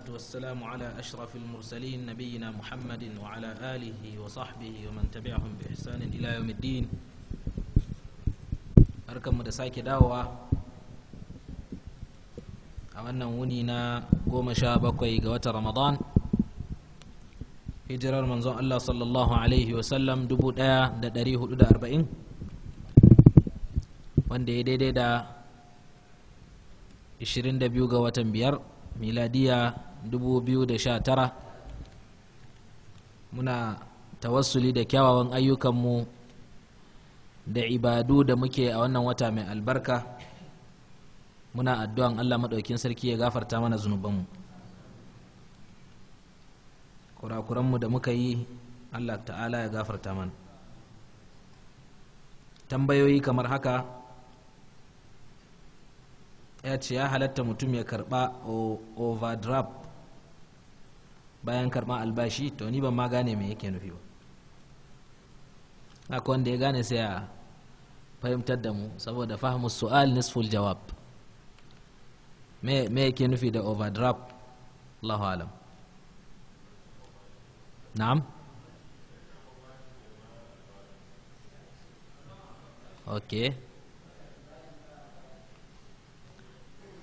والصلاة والسلام على أشرف المرسلين نبينا محمد وعلى آله وصحبه ومن تبعهم بإحسان إلى يوم الدين أركم مدساك داوة أولا ونينا قوم شابك ويقوة رمضان hijirar manzon Allah sallallahu Alaihi wasallam 1440 wanda ya daidai da 22 ga watan biyar miladiya 2019 muna tawassuli da kyawawan ayyukanmu da ibadu da muke a wannan wata mai albarka muna addu'an Allah maɗaukin sarki ya gafarta mana zunubanmu kurakuranmu da muka yi Allah ta'ala ya gafarta mana tambayoyi kamar haka ya ce ya halatta mutum ya karɓa overdraft bayan karɓar albashi to ni ban ma gane me yake nufi ba haka wanda ya gane sai a fahimtar da mu saboda fahimu su'al nisful jawab me yake nufi da overdraft Allahu alam na'am ok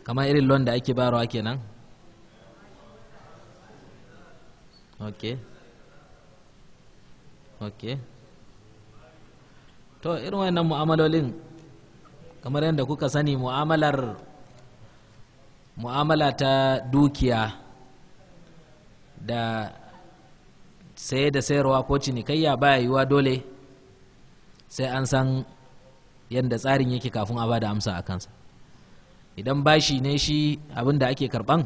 kamar irin loan da ake bayarwa kenan okay okay to irin wannan mu'amalolin kamar yadda kuka sani mu'amalar mu'amala ta dukiya da saye da sayarwa ko cinikayya baya yiwuwa dole sai an san yadda tsarin yake kafin a bada amsa a kansa idan bashi ne shi abin da ake karban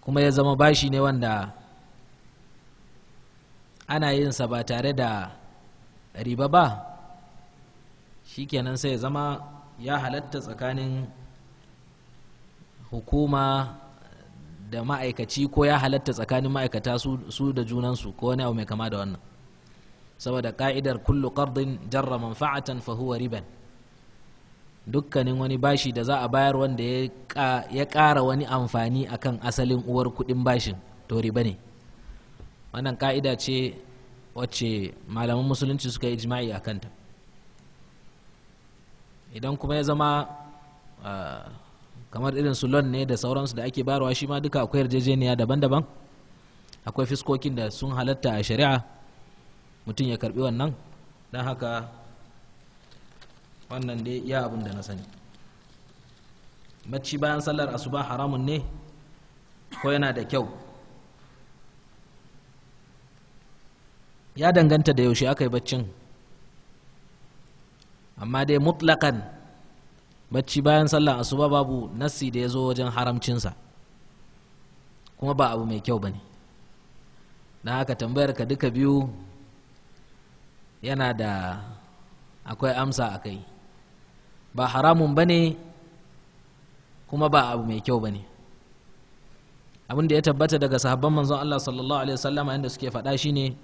kuma ya zama bashi ne wanda ana yin sa ba tare da riba ba shikenan sai ya zama ya halatta tsakanin hukuma da ma'aikaci ko ya halatta tsakanin ma'aikata su da junansu ko wani abu mai kama da wannan saboda ka'idar kullu qardin jarra manfa'atan fa huwa riban dukkanin wani bashi da za a bayar wanda ya kara wani amfani akan asalin uwar kuɗin bashin to riba ne wannan ka'ida ce wacce malaman musulunci suka yi jima'i a kanta idan kuma ya zama kamar irin su lon ne da sauransu da ake bayarwa shi ma duka akwai yarjejeniya daban-daban akwai fiskokin da sun halatta a shari'a mutum ya karbi wannan don haka wannan dai ya abin da na sani bacci bayan sallar asuba haramun ne ko yana da kyau ya danganta da yaushe aka yi baccin amma dai mutlakan bacci bayan sallar asuba babu nassi da ya zo wajen haramcinsa kuma ba abu mai kyau ba ne na haka tambayar ka duka biyu yana da akwai amsa a kai ba haramun ba ne kuma ba abu mai kyau ba ne abin da ya tabbata daga sahabban manzon Allah sallallahu alaihi wasallam inda suke faɗa shine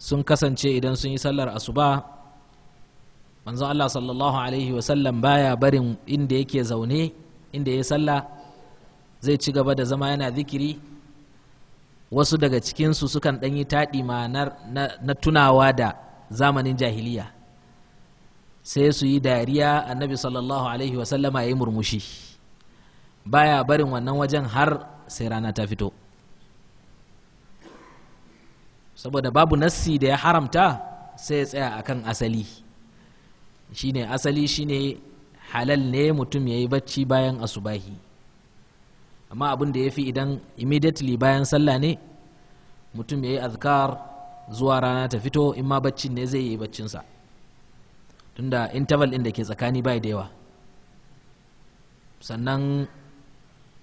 sun kasance idan sun yi sallar asuba manzon Allah sallallahu alaihi wasallam baya barin inda yake zaune inda ya sallah zai ci gaba da zama yana zikiri wasu daga cikinsu sukan yi taɗi ma na tunawa da zamanin jahiliya sai su yi dariya annabi sallallahu alaihi wasallama ya yi murmushi baya barin wannan wajen har sai rana ta fito saboda babu nassi da ya haramta sai ya tsaya akan asali shine asali shine halal ne mutum ya yi bacci bayan asubahi amma abin da ya fi idan immediately bayan sallah ne mutum ya yi azkar zuwa rana ta fito in ma baccin ne zai yi baccinsa tunda interval ɗin da ke tsakani bai da yawa sannan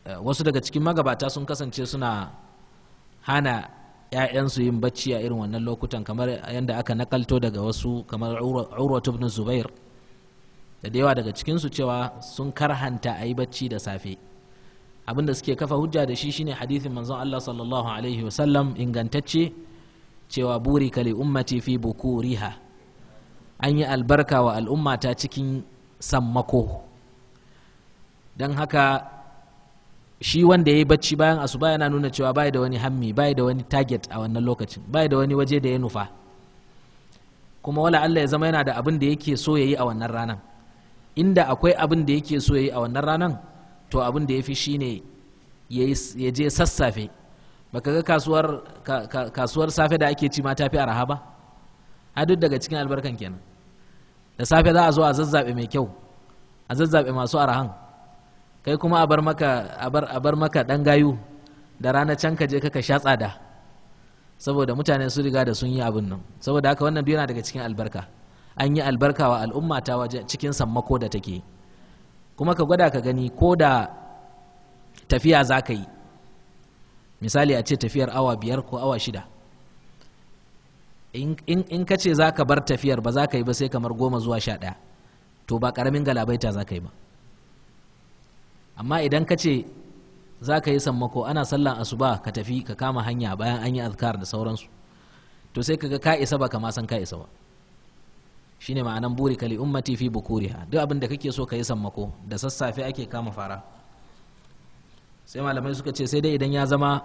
eh, wasu daga cikin magabata sun kasance suna hana 'ya'yansu yin bacci a irin wannan lokutan kamar yadda aka nakalto daga wasu kamar urwatu ibn zubair da yawa daga cikinsu cewa sun karhanta a yi bacci da safe abinda suke kafa hujja da shi shine hadithin manzon Allah sallallahu alaihi wasallam ingantacce cewa buri kali ummati fi bukuriha an yi albarka wa al'ummata cikin sammako don haka shi wanda ya yi bacci bayan asuba yana nuna cewa bai da wani hammi bai da wani target a wannan lokacin bai da wani waje da ya nufa kuma wala Allah ya zama yana da abin da yake so ya yi a wannan ranan inda akwai abin da yake so ya yi a wannan ranan to abin da ya fi shi ne ya je sassafe baka ga kasuwar safe da ake ci ma tafi arha ba a duk daga cikin albarkan kenan da safe za a zo a zazzabe mai kyau a zazzabe masu arahan kai kuma a bar maka a bar maka dan gayu da rana can ka je kaka sha tsada saboda mutane su riga da sun yi abin nan saboda haka wannan yana daga cikin albarka an yi albarka wa al'umma ta waje cikin sammako da take kuma ka gwada ka gani ko da tafiya za ka yi misali a ce tafiyar awa biyar ko awa shida in ka ce za ka bar tafiyar ba za ka yi ba sai kamar goma zuwa sha ɗaya to ba ƙaramin galabaita za ka yi ba amma idan ka ce za ka yi sammako ana sallan asuba ka tafi ka kama hanya bayan an yi azkar da sauransu to sai ka ga ka isa ba kama san ka isa ba shine ma'anan buri kali ummati fi bukuriha duk abin da kake so ka yi sammako da sassafe ake kama fara sai malamai suka ce sai dai idan ya zama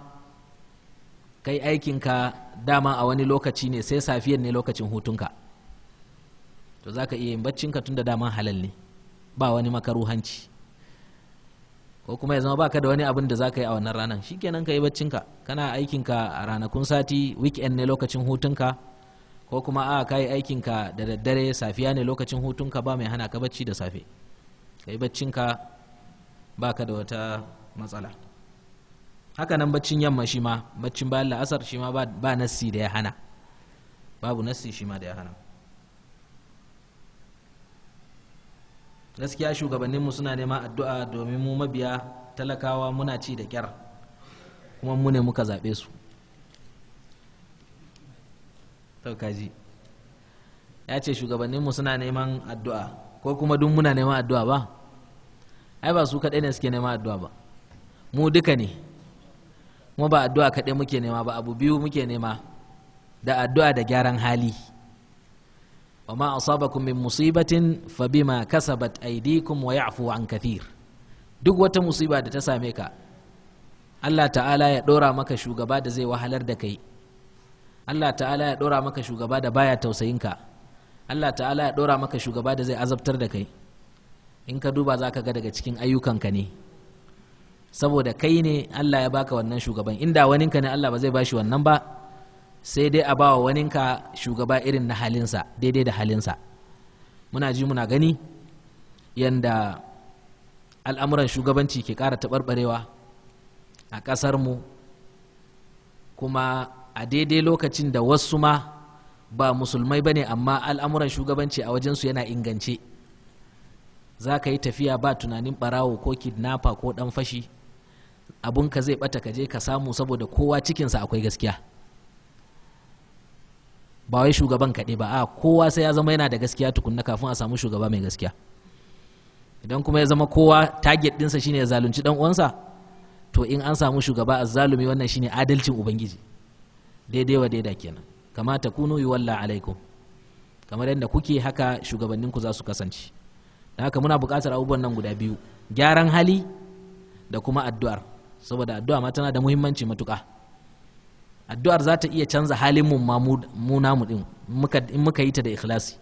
kai aikinka dama a wani lokaci ne sai safiyar ne lokacin hutunka to za ka iya yin baccinka tun da dama halal ne ba wani makaruhanci ko kuma ya zama ba ka da wani abin da za ka yi a wannan ranar shi kenan ka yi baccinka kana aikinka a ranakun sati weekend ne lokacin hutunka ko kuma a ka yi aikinka da daddare safiya ne lokacin hutunka ba mai hana ka bacci da safe ka yi baccinka ka da wata matsala haka nan baccin yamma shi ma baccin bayan la'asar shi ma ba nassi da ya hana babu nassi shi ma da ya hana gaskiya shugabanninmu suna neman addu'a domin mu mabiya talakawa muna ci da kyar kuma mu ne muka zaɓe su ji ya ce shugabanninmu suna neman addu'a ko kuma duk muna neman addu'a ba ai ba su kaɗai ne suke neman addu'a ba mu duka ne kuma ba addu'a kaɗai muke nema ba abu biyu muke nema da addu'a da gyaran hali wa ma asabakum min musibatin fa bima kasabat aydikum wa ya'fu an kathir duk wata musiba da ta same ka Allah ta'ala ya ɗora maka shugaba da zai wahalar da kai Allah ta'ala ya ɗora maka shugaba da baya ka Allah ta'ala ya ɗora maka shugaba da zai azabtar da kai in ka duba za ka ga daga cikin ayyukanka ne saboda kai ne Allah ya baka wannan shugaban inda waninka ne Allah ba zai bashi wannan ba sai dai a bawa waninka shugaba irin na halinsa daidai da halinsa muna ji muna gani yanda al'amuran shugabanci ke kara taɓarɓarewa a mu kuma a daidai lokacin da wasu ma ba musulmai ba ne amma al'amuran shugabanci a wajen su yana ingance za ka yi tafiya ba tunanin ɓarawo ko kidnapper ko ɗan fashi abun ka zai bata ka je ka samu saboda kowa cikinsa akwai gaskiya ba wai shugaban kaɗai ba a kowa sai ya zama yana da gaskiya tukunna kafin a samu shugaba mai gaskiya idan kuma ya zama kowa target ɗinsa shine ya zalunci dan uwansa to in an samu shugaba a zalumi wannan shine adalcin ubangiji daidai wa daida kenan kamata kunu yi walla alaikum kamar yadda kuke haka shugabannin ku za su kasance da haka muna buƙatar abubuwan nan guda biyu gyaran hali da kuma addu'ar saboda addu'a ma tana da muhimmanci matuƙa addu'ar za ta iya canza halin mu ma mu namu din in muka yi ta da ikhlasi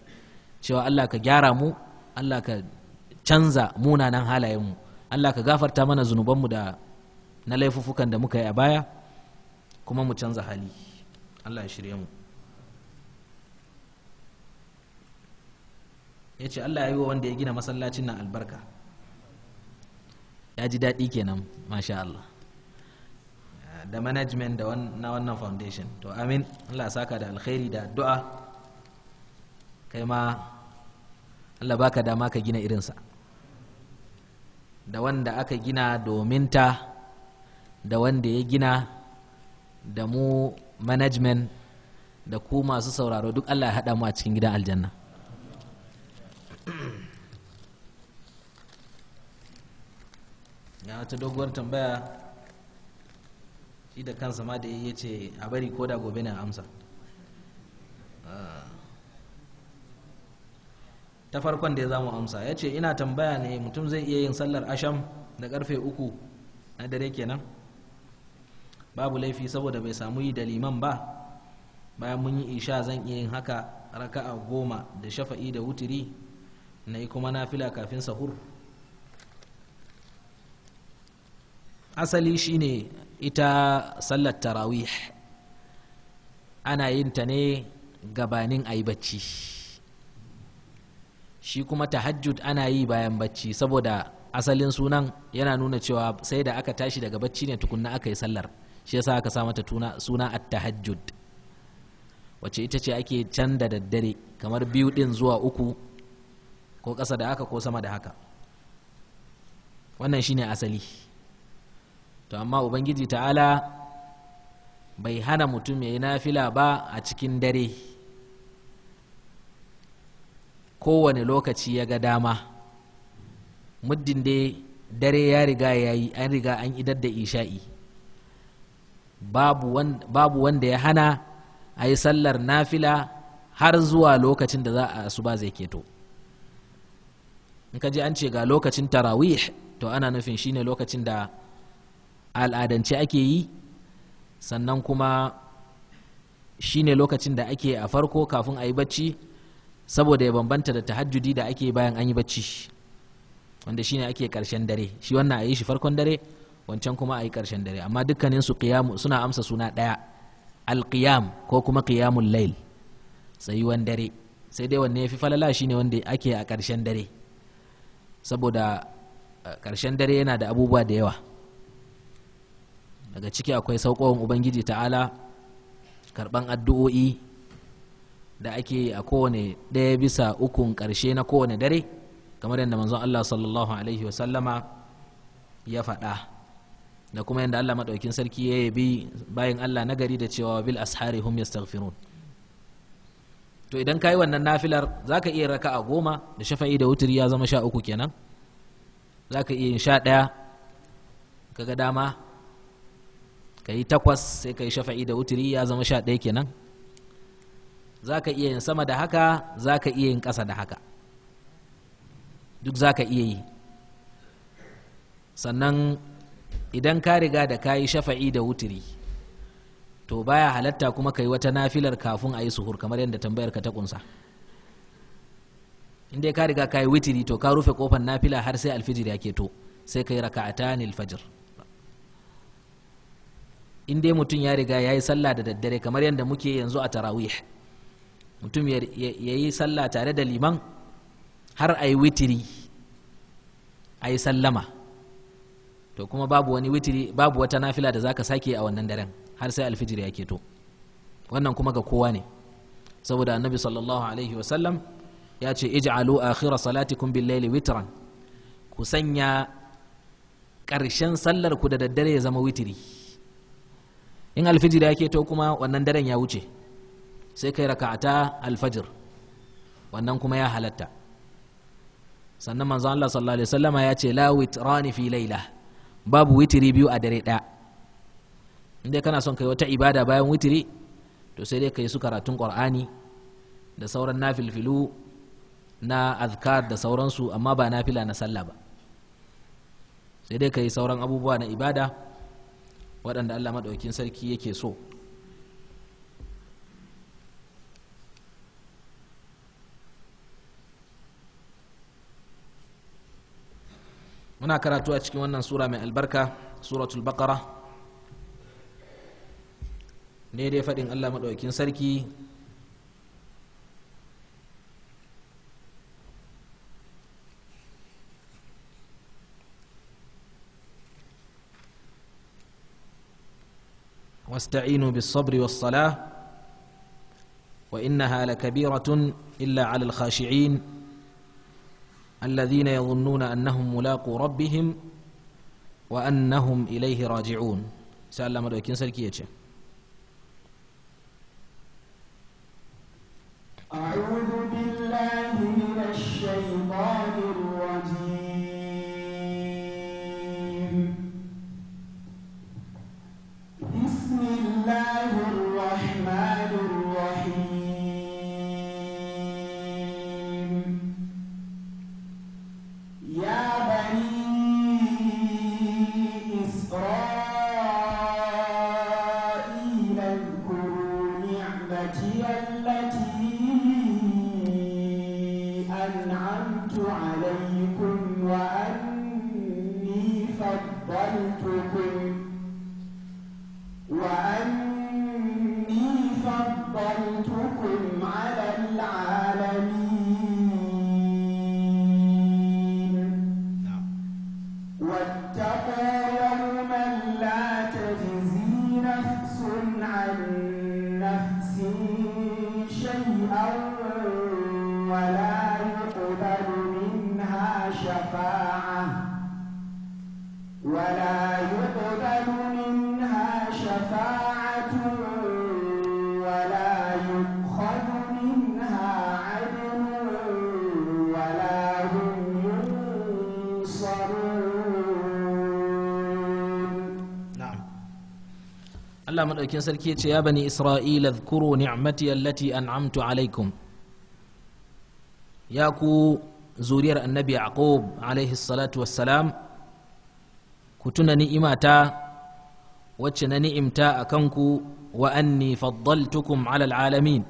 cewa Allah ka gyara mu Allah ka canza munanan halayen mu Allah ka gafarta mana mu da na laifufukan da muka yi a baya kuma mu canza hali Allah ya shirye mu ya ce Allah ya yi wa wanda ya gina masallacin nan albarka ya ji daɗi kenan masha Allah da management da na wannan foundation to amin Allah saka da alkhairi da addu'a kai ma Allah baka dama ka gina irinsa da wanda aka gina domin ta da wanda ya gina da mu management da ku masu sauraro duk Allah ya haɗa mu a cikin gidan aljanna ya wata doguwar tambaya shi da kansa ma da ya ce a bari ko da gobe na amsa ah. ta farkon da ya zamu amsa ya ce ina tambaya ne mutum zai iya yin sallar asham da karfe uku na dare kenan babu laifi saboda bai samu yi da liman ba bayan mun yi isha zan iya yin haka raka'a goma da shafa'i da wutiri na yi kuma nafila kafin sahur asali shine ita sallar tarawih ana yin ta ne gabanin a yi bacci shi kuma tahajjud ana yi bayan bacci saboda asalin sunan yana nuna cewa sai da aka tashi daga bacci ne tukunna aka yi sallar shi yasa aka sa mata suna at-tahajjud wacce ita ce ake can da daddare kamar biyu din zuwa uku ko ƙasa da haka ko sama da haka wannan shine asali to amma ubangiji ta'ala bai hana mutum ya yi nafila ba a cikin dare kowane lokaci ya ga dama muddin dai dare ya riga ya yi an riga an idar da isha'i babu wanda ya hana a yi sallar nafila har zuwa lokacin da za a asuba zai keto in ka ji an ce ga lokacin tarawih to ana nufin shine lokacin da al'adance ake yi sannan kuma shine lokacin da ake a farko kafin a yi bacci saboda ya bambanta da tahajjudi da ake bayan an yi bacci wanda shine ake karshen dare shi wannan a yi shi farkon dare wancan kuma a yi karshen dare amma dukkanin su suna amsa suna ɗaya alqiyam ko kuma qiyamul lail tsayuwan dare sai dai wanne yafi falala shine wanda ake a karshen dare saboda karshen eh, dare yana da abubuwa da yawa daga ciki akwai saukowar ubangiji ta'ala karban addu'o'i da ake a kowane ɗaya bisa ukun ƙarshe na kowane dare kamar yadda manzon Allah sallallahu alaihi wasallama ya faɗa da kuma yadda Allah maɗaukin sarki ya bi bayan Allah nagari da cewa bil ashari hum yastaghfirun to idan kayi wannan nafilar zaka iya raka'a goma da shafa'i da wuturi ya zama sha uku kenan zaka iya yin sha ɗaya kaga dama ka yi takwas sai ka yi shafa'i da wuturi ya zama sha ɗaya kenan za ka iya yin sama da haka za ka iya yin ƙasa da haka duk za ka iya yi sannan idan ka riga da ka yi shafa'i da wuturi to baya halatta kuma ka yi wata nafilar kafin a yi suhur kamar yadda tambayar ka ta kunsa in dai ka riga ka yi wuturi to ka rufe kofar nafila har sai alfijir ya keto sai ka yi raka'ata fajir. in dai mutum ya riga ya yi sallah da daddare kamar yadda muke yanzu a tarawih mutum ya yi sallah tare da liman har a yi witiri a yi sallama to kuma babu wani witiri babu wata nafila da zaka sake a wannan daren har sai alfijir ya keto wannan kuma ga kowa ne saboda annabi sallallahu alaihi wasallam ya ce ij'alu akhira salatikum bil-laili witran ku sanya ƙarshen sallar ku da daddare ya zama witiri in alfijir ya keto kuma wannan daren ya wuce sai kai raka'ata alfajir wannan kuma ya halatta sannan manzo Allah sallallahu alaihi wasallama ya ce la witrani fi laila babu witiri biyu a dare ɗaya indai kana son kai wata ibada bayan witiri to sai dai kai su karatun qur'ani da sauran nafilfilu na azkar da sauransu amma ba nafila na sallah ba sai dai kai sauran abubuwa na ibada waɗanda allah maɗaukin sarki yake so muna karatu a cikin wannan sura mai albarka suratul baqara ne dai faɗin allah maɗaukin sarki واستعينوا بالصبر والصلاة وإنها لكبيرة إلا على الخاشعين الذين يظنون أنهم ملاقو ربهم وأنهم إليه راجعون سأل الله مدوكين كيتش أعوذ madaukin sarki ya ce ya bani isra'ila zkuru ni'mati allati an'amtu alaikum ya ku zuriyar annabi yaqub alaihi salatu wassalam ku tuna ni'imata wacce na ni'imta a kanku wa anni faddaltukum ala alamin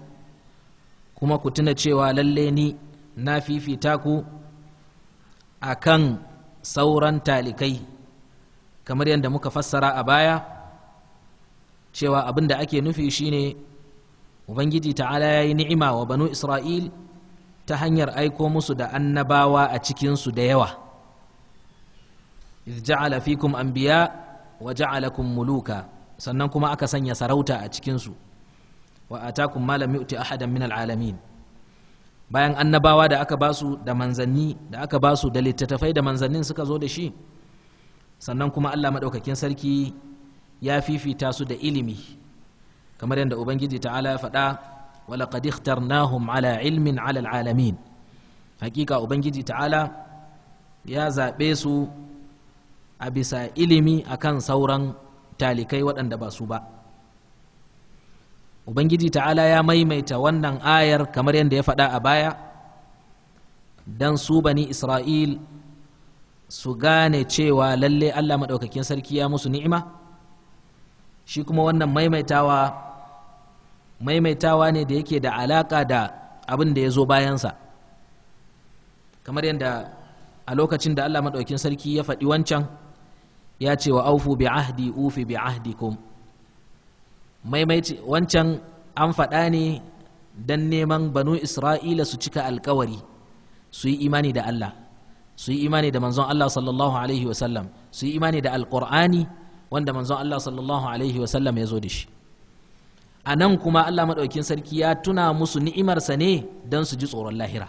kuma ku tuna cewa lalle ni na fifita ku akan sauran talikai kamar yadda muka fassara a baya cewa abin da ake nufi shine ubangiji ta'ala ya yi ni'ima wa banu isra'il ta hanyar aiko musu da annabawa a cikinsu da yawa ja'ala fikum anbiya wa ja'alakum muluka sannan kuma aka sanya sarauta a cikinsu wa atakum ma lam yu'ti ahadan min al'alamin bayan annabawa da aka basu da manzanni da aka basu da littattafai da manzannin suka zo da shi sannan kuma Allah maɗaukakin sarki ya fifita su da ilimi kamar yadda ubangiji ta'ala ya faɗa wala qad ikhtarnahum ala ilmin ala alamin hakika ubangiji ta'ala ya zaɓe su a bisa ilimi akan sauran talikai waɗanda ba su ba ubangiji ta'ala ya maimaita wannan ayar kamar yadda ya faɗa a baya don su bani isra'il su gane cewa lalle allah maɗaukakin sarki ya musu ni'ima shi kuma wannan maimaitawa maimaitawa ne da yake da alaka da abin da ya zo bayansa kamar yadda a lokacin da Allah maɗaukin sarki ya faɗi wancan ya ce wa aufu bi ahdi ufi bi ahdikum maimaici wancan an faɗa ne don neman banu isra'ila su cika alkawari su yi imani da Allah su yi imani da manzon Allah sallallahu alaihi wasallam su yi imani da alƙur'ani wanda manzon Allah sallallahu alaihi sallam ya zo da shi a nan kuma Allah maɗaukin sarki ya tuna musu ni'imarsa ne don su ji tsoron lahira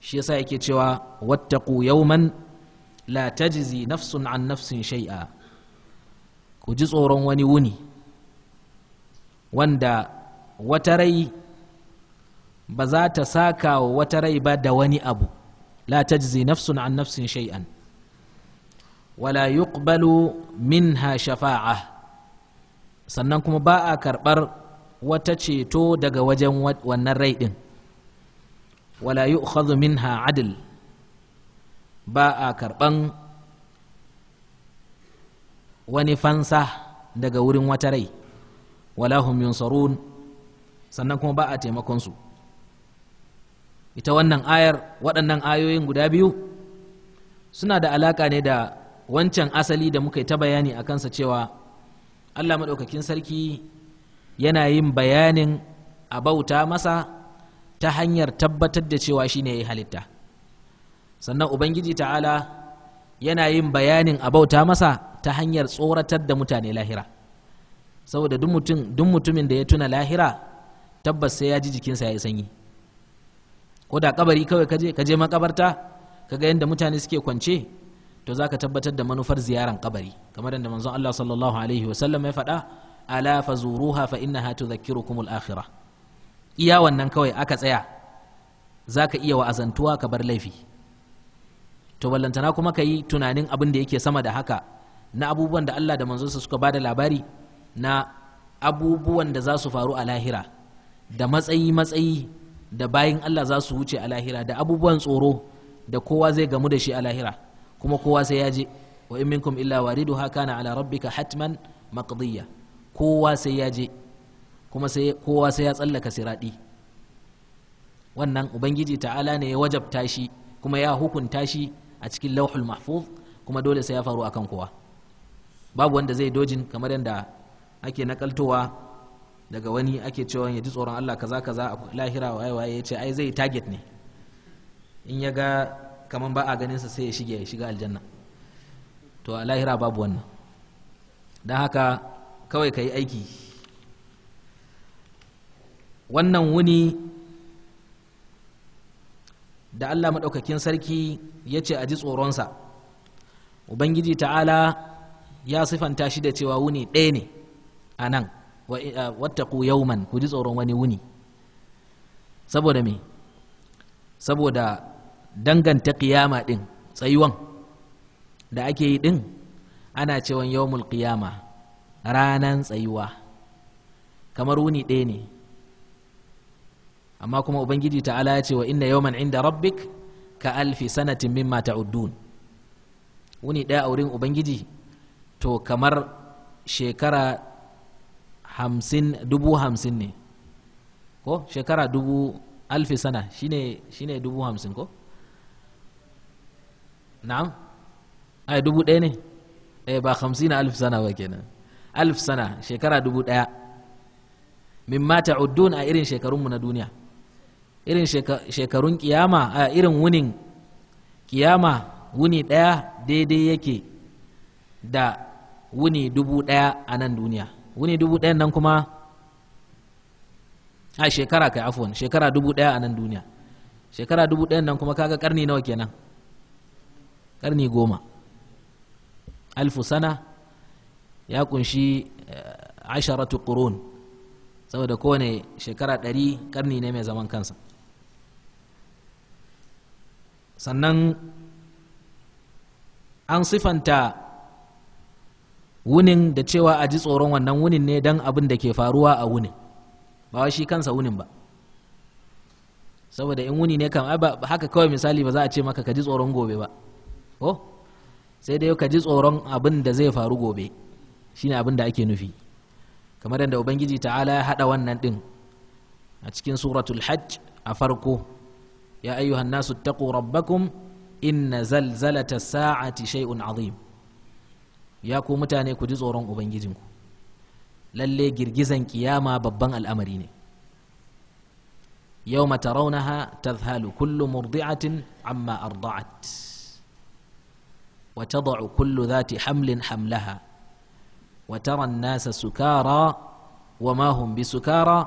shi yasa yake cewa wattaqu yawman la tajzi nafsun an nafsin shai'a ku ji tsoron wani wuni wanda wata rai ba za ta saka wa wata rai ba da wani abu la tajzi nafsun an nafsin shai'an wala yuqbalu minha shafa'a sannan kuma ba a karɓar wata ceto daga wajen wannan rai ɗin wala min minha adl ba a karɓan wani fansa daga wurin wata rai wala hum yunsarun sannan kuma ba a taimakon su ita wannan ayar waɗannan ayoyin guda biyu suna da alaƙa ne da wancan asali da muka yi ta bayani a kansa cewa allah maɗaukakin sarki yana yin bayanin a bauta masa ta hanyar tabbatar da cewa shi ne ya yi halitta sannan ubangiji ta'ala yana yin bayanin a bauta masa ta hanyar tsoratar da mutane lahira saboda duk mutumin da ya tuna lahira tabbas sai ya ji jikinsa ya yi sanyi ko da kabari kawai ka je makabarta ka ga yadda mutane suke kwance to ka tabbatar da manufar ziyaran kabari kamar da manzon Allah sallallahu alaihi wa sallam ya faɗa ala fazuruha fa innaha tudhakkirukum al-akhirah iya wannan kawai aka tsaya zaka iya wa'azantuwa ka bar laifi to ballantana kuma ka yi tunanin abin da yake sama da haka na abubuwan da Allah da manzonsa suka da labari na abubuwan da za su faru a lahira da matsayi matsayi da bayin Allah za su wuce a lahira da abubuwan tsoro da kowa zai gamu da shi a lahira kuma kowa sai ya je wa in minkum illa haka na ala rabbika hatman maqdiya kowa sai ya je kuma sai kowa sai ya tsallaka siradi wannan ubangiji ta'ala ne ya wajabta shi kuma ya hukunta shi a cikin lauhul mahfuz kuma dole sai ya faru akan kowa babu wanda zai dojin kamar yadda ake nakaltowa daga wani ake cewa ya ji tsoron Allah kaza kaza a lahira waye waye ya ce ai zai target ne in ya ga kamar ba a ganin sa sai ya shige ya shiga aljanna to a lahira babu wannan don haka kawai ka yi aiki wannan wuni da allah maɗaukakin sarki ya ce a ji tsoronsa ubangiji ta'ala ya sifanta shi da cewa wuni ɗaya ne a nan eh, wattaku yauman ku ji tsoron wani wuni saboda me saboda danganta kiyama ɗin tsayuwan da ake yi ɗin ana cewan yawmul kiyama ranan tsayuwa kamar wuni ɗaya ne amma kuma ubangiji ta'ala ya ce wa inna yawman inda rabbik ka alfi sanatin mimma ta'uddun wuni ɗaya a wurin ubangiji to kamar shekara hamsin dubu hamsin ne ko shekara dubu alfi sana shine shine dubu hamsin ko na'am ai dubu ɗaya ne eh ba hamsina alif sana ba kenan alif sana shekara dubu ɗaya min mata uddun a irin shekarunmu na duniya irin shekarun kiyama a irin wunin kiyama wuni ɗaya daidai yake da wuni dubu ɗaya a nan duniya wuni dubu ɗayan nan kuma a shekara kai afuwan shekara dubu ɗaya a nan duniya shekara dubu ɗayan nan kuma kaga karni nawa kenan Karni goma alfu sana ya kunshi eh, asharatu qurun saboda kowane shekara ɗari karni ne mai zaman kansa sannan an sifanta wunin da cewa a ji tsoron wannan wunin ne don abin da ke faruwa a wunin ba shi kansa wunin ba saboda in wuni ne kam haka kawai misali ba za a ce maka ka ji tsoron gobe ba ko sai dai ka ji tsoron abin da zai faru gobe shine abin da ake nufi kamar yadda ubangiji ta'ala ya hada wannan din a cikin suratul hajj a farko ya ayyuhan nasu taqu rabbakum inna zalzalata sa'ati shay'un azim ya ku mutane ku ji tsoron ubangijinku lalle girgizan kiyama babban al'amari ne yawma tarawnaha tadhhalu kullu murdi'atin amma arda'at وتضع كل ذات حمل حملها وترى الناس سكارى وما هم بسكارى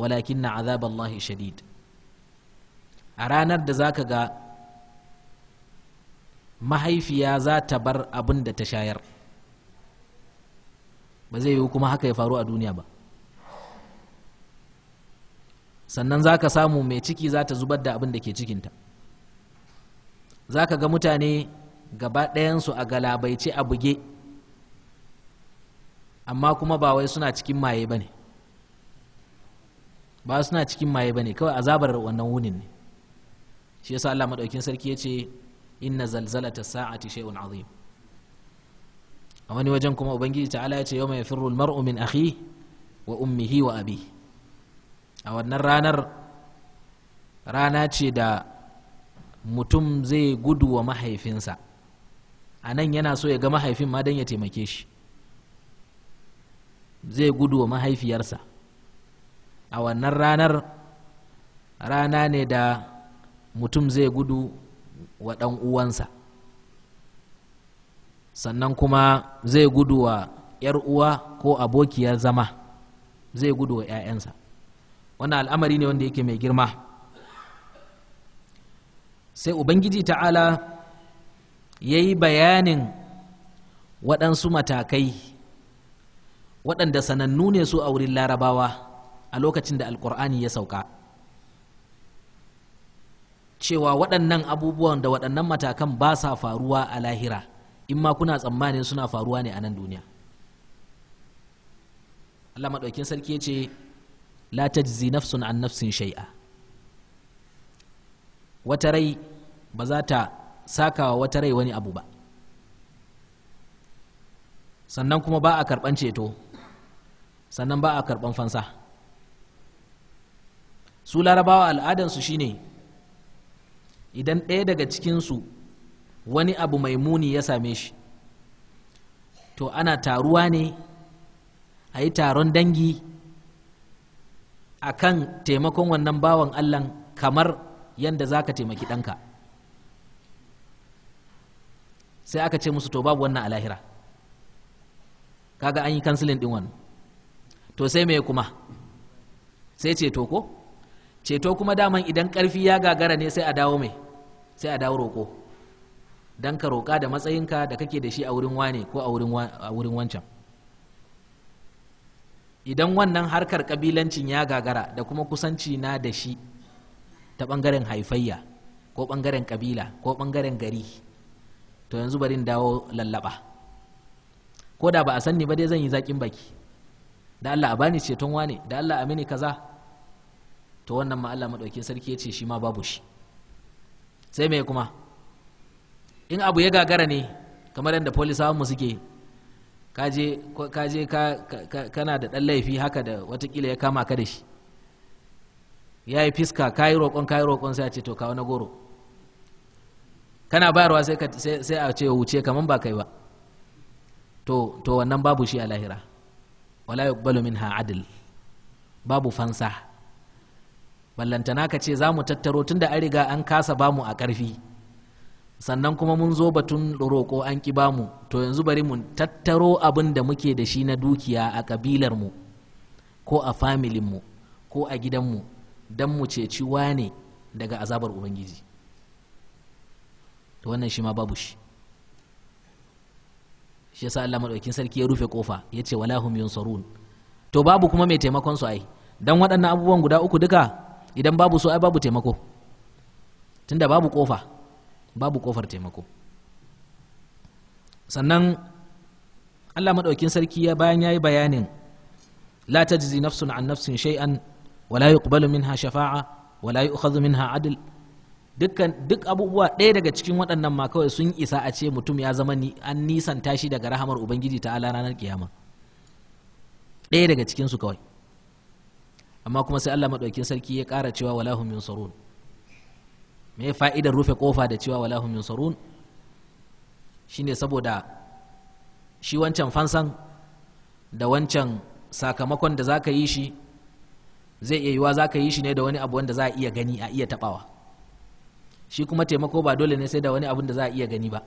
ولكن عذاب الله شديد zaka ga mahaifiya za ta bar abin da ta shayar ba zai yiwu kuma haka ya faru a duniya ba sannan za ka samu mai ciki za ta zubar da abin da ke cikinta za ka ga mutane gaba ɗayansu a galabaice a buge amma kuma ba wai suna cikin maye ba ne ba suna cikin maye ba ne kawai azabar wannan wunin ne shi yasa Allah maɗaukin sarki ya ce inna zalzalata sa'ati shay'un azim a wani wajen kuma ubangiji ta'ala ya ce yau mai firru mar'u min akhi wa ummihi wa abi a wannan ranar rana ce da mutum zai gudu wa mahaifinsa a nan yana so ya ga mahaifin ma don ya taimake shi zai gudu wa mahaifiyarsa a wannan ranar rana ne da mutum zai gudu wa ɗan uwansa sannan kuma zai gudu wa 'yar uwa ko abokiyar zama zai gudu wa 'ya'yansa wani al'amari ne wanda yake mai girma sai ubangiji ta'ala ya yi bayanin waɗansu matakai waɗanda sanannu ne su a wurin larabawa a lokacin da Alƙur'ani ya sauka cewa waɗannan abubuwan da waɗannan matakan ba sa faruwa a lahira in ma kuna tsammanin suna faruwa ne a nan duniya Allah maɗaukin sarki ya ce la tajzi nafsun an nafsin shai'a wata rai ba za ta sakawa wata rai wani abu ba sannan kuma ba a karɓan ceto sannan ba a karɓan fansa su larabawa al'adansu shine idan ɗaya daga cikinsu wani abu mai muni ya same shi to ana taruwa ne a yi taron dangi a kan taimakon wannan bawan allan kamar yadda za ka taimaki ɗanka sai aka ce musu to babu wannan a lahira kaga an yi kansilin din wannan to sai me kuma sai ceto ko ceto kuma daman idan karfi ya gagara ne sai a dawo mai sai a dawo roko. don ka roƙa da matsayinka da kake da shi a wurin wane ko a wurin wancan idan wannan harkar kabilancin ya gagara da kuma kusanci na da shi ta bangaren haifayya ko bangaren kabila ko bangaren gari to yanzu bari in dawo lallaba ko da ba a sanni ba dai zan yi zaƙin baki da Allah a bani ceton wane da Allah a mini kaza to wannan ma Allah madaukin sarki ya ce shi ma babu shi sai me kuma in abu ya gagara ne kamar yadda polisawan mu suke kaje kaje ka kana da dan laifi haka da watakila ya kama ka da shi ya yi fiska ka yi roƙon ka roƙon sai a ce to kawo na goro kana bayarwa sai a ce wuce kaman ba kai ba to wannan babu shi a lahira wala yuqbalu minha adl babu fansa ballantana ka ce za mu tattaro da an riga an kasa bamu a ƙarfi sannan kuma mun zo batun roƙo an ƙi bamu to yanzu bari mu tattaro abin da muke da shi na dukiya a ƙabilar mu ko a familin mu ko a gidan mu don mu ceci wane daga azabar ubangiji to wannan shi ma babu shi shi yasa Allah madaukakin sarki ya rufe kofa yace wala hum yunsarun to babu kuma mai taimakon su ai dan waɗannan abubuwan guda uku duka idan babu su ai babu taimako tunda babu kofa babu kofar taimako sannan Allah madaukakin sarki ya bayan yayi bayanin la tajzi nafsun an nafsin shay'an wala yuqbalu minha shafa'a wala yu'khadhu minha adl dukkan duk abubuwa ɗaya daga cikin waɗannan ma kawai sun isa a ce mutum ya zama ni an nisan tashi daga rahamar ubangiji ta ala ranar kiyama ɗaya daga cikin su kawai amma kuma sai Allah madaukin sarki ya ƙara cewa walahum hum yunsarun me fa'idar rufe kofa da cewa walahum hum yunsarun shine saboda shi wancan fansan da wancan sakamakon da zaka yi shi zai iya yiwa zaka yi shi ne da wani abu wanda za a iya gani a iya tabawa shi kuma taimako ba dole ne sai da wani abin da za a iya gani ba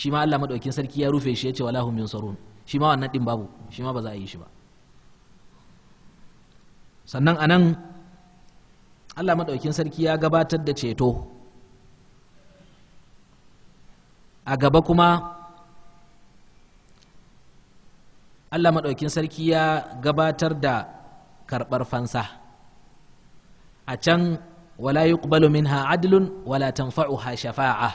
shi ma Allah madaukin sarki ya rufe shi ya ce wala hum yunsarun shi ma wannan din babu shi ma ba za a yi shi ba sannan anan Allah madaukin sarki ya gabatar da ceto a gaba kuma Allah madaukin sarki ya gabatar da karɓar fansa a can wala yuqbalu minha adlun wala tanfa'uha shafa'a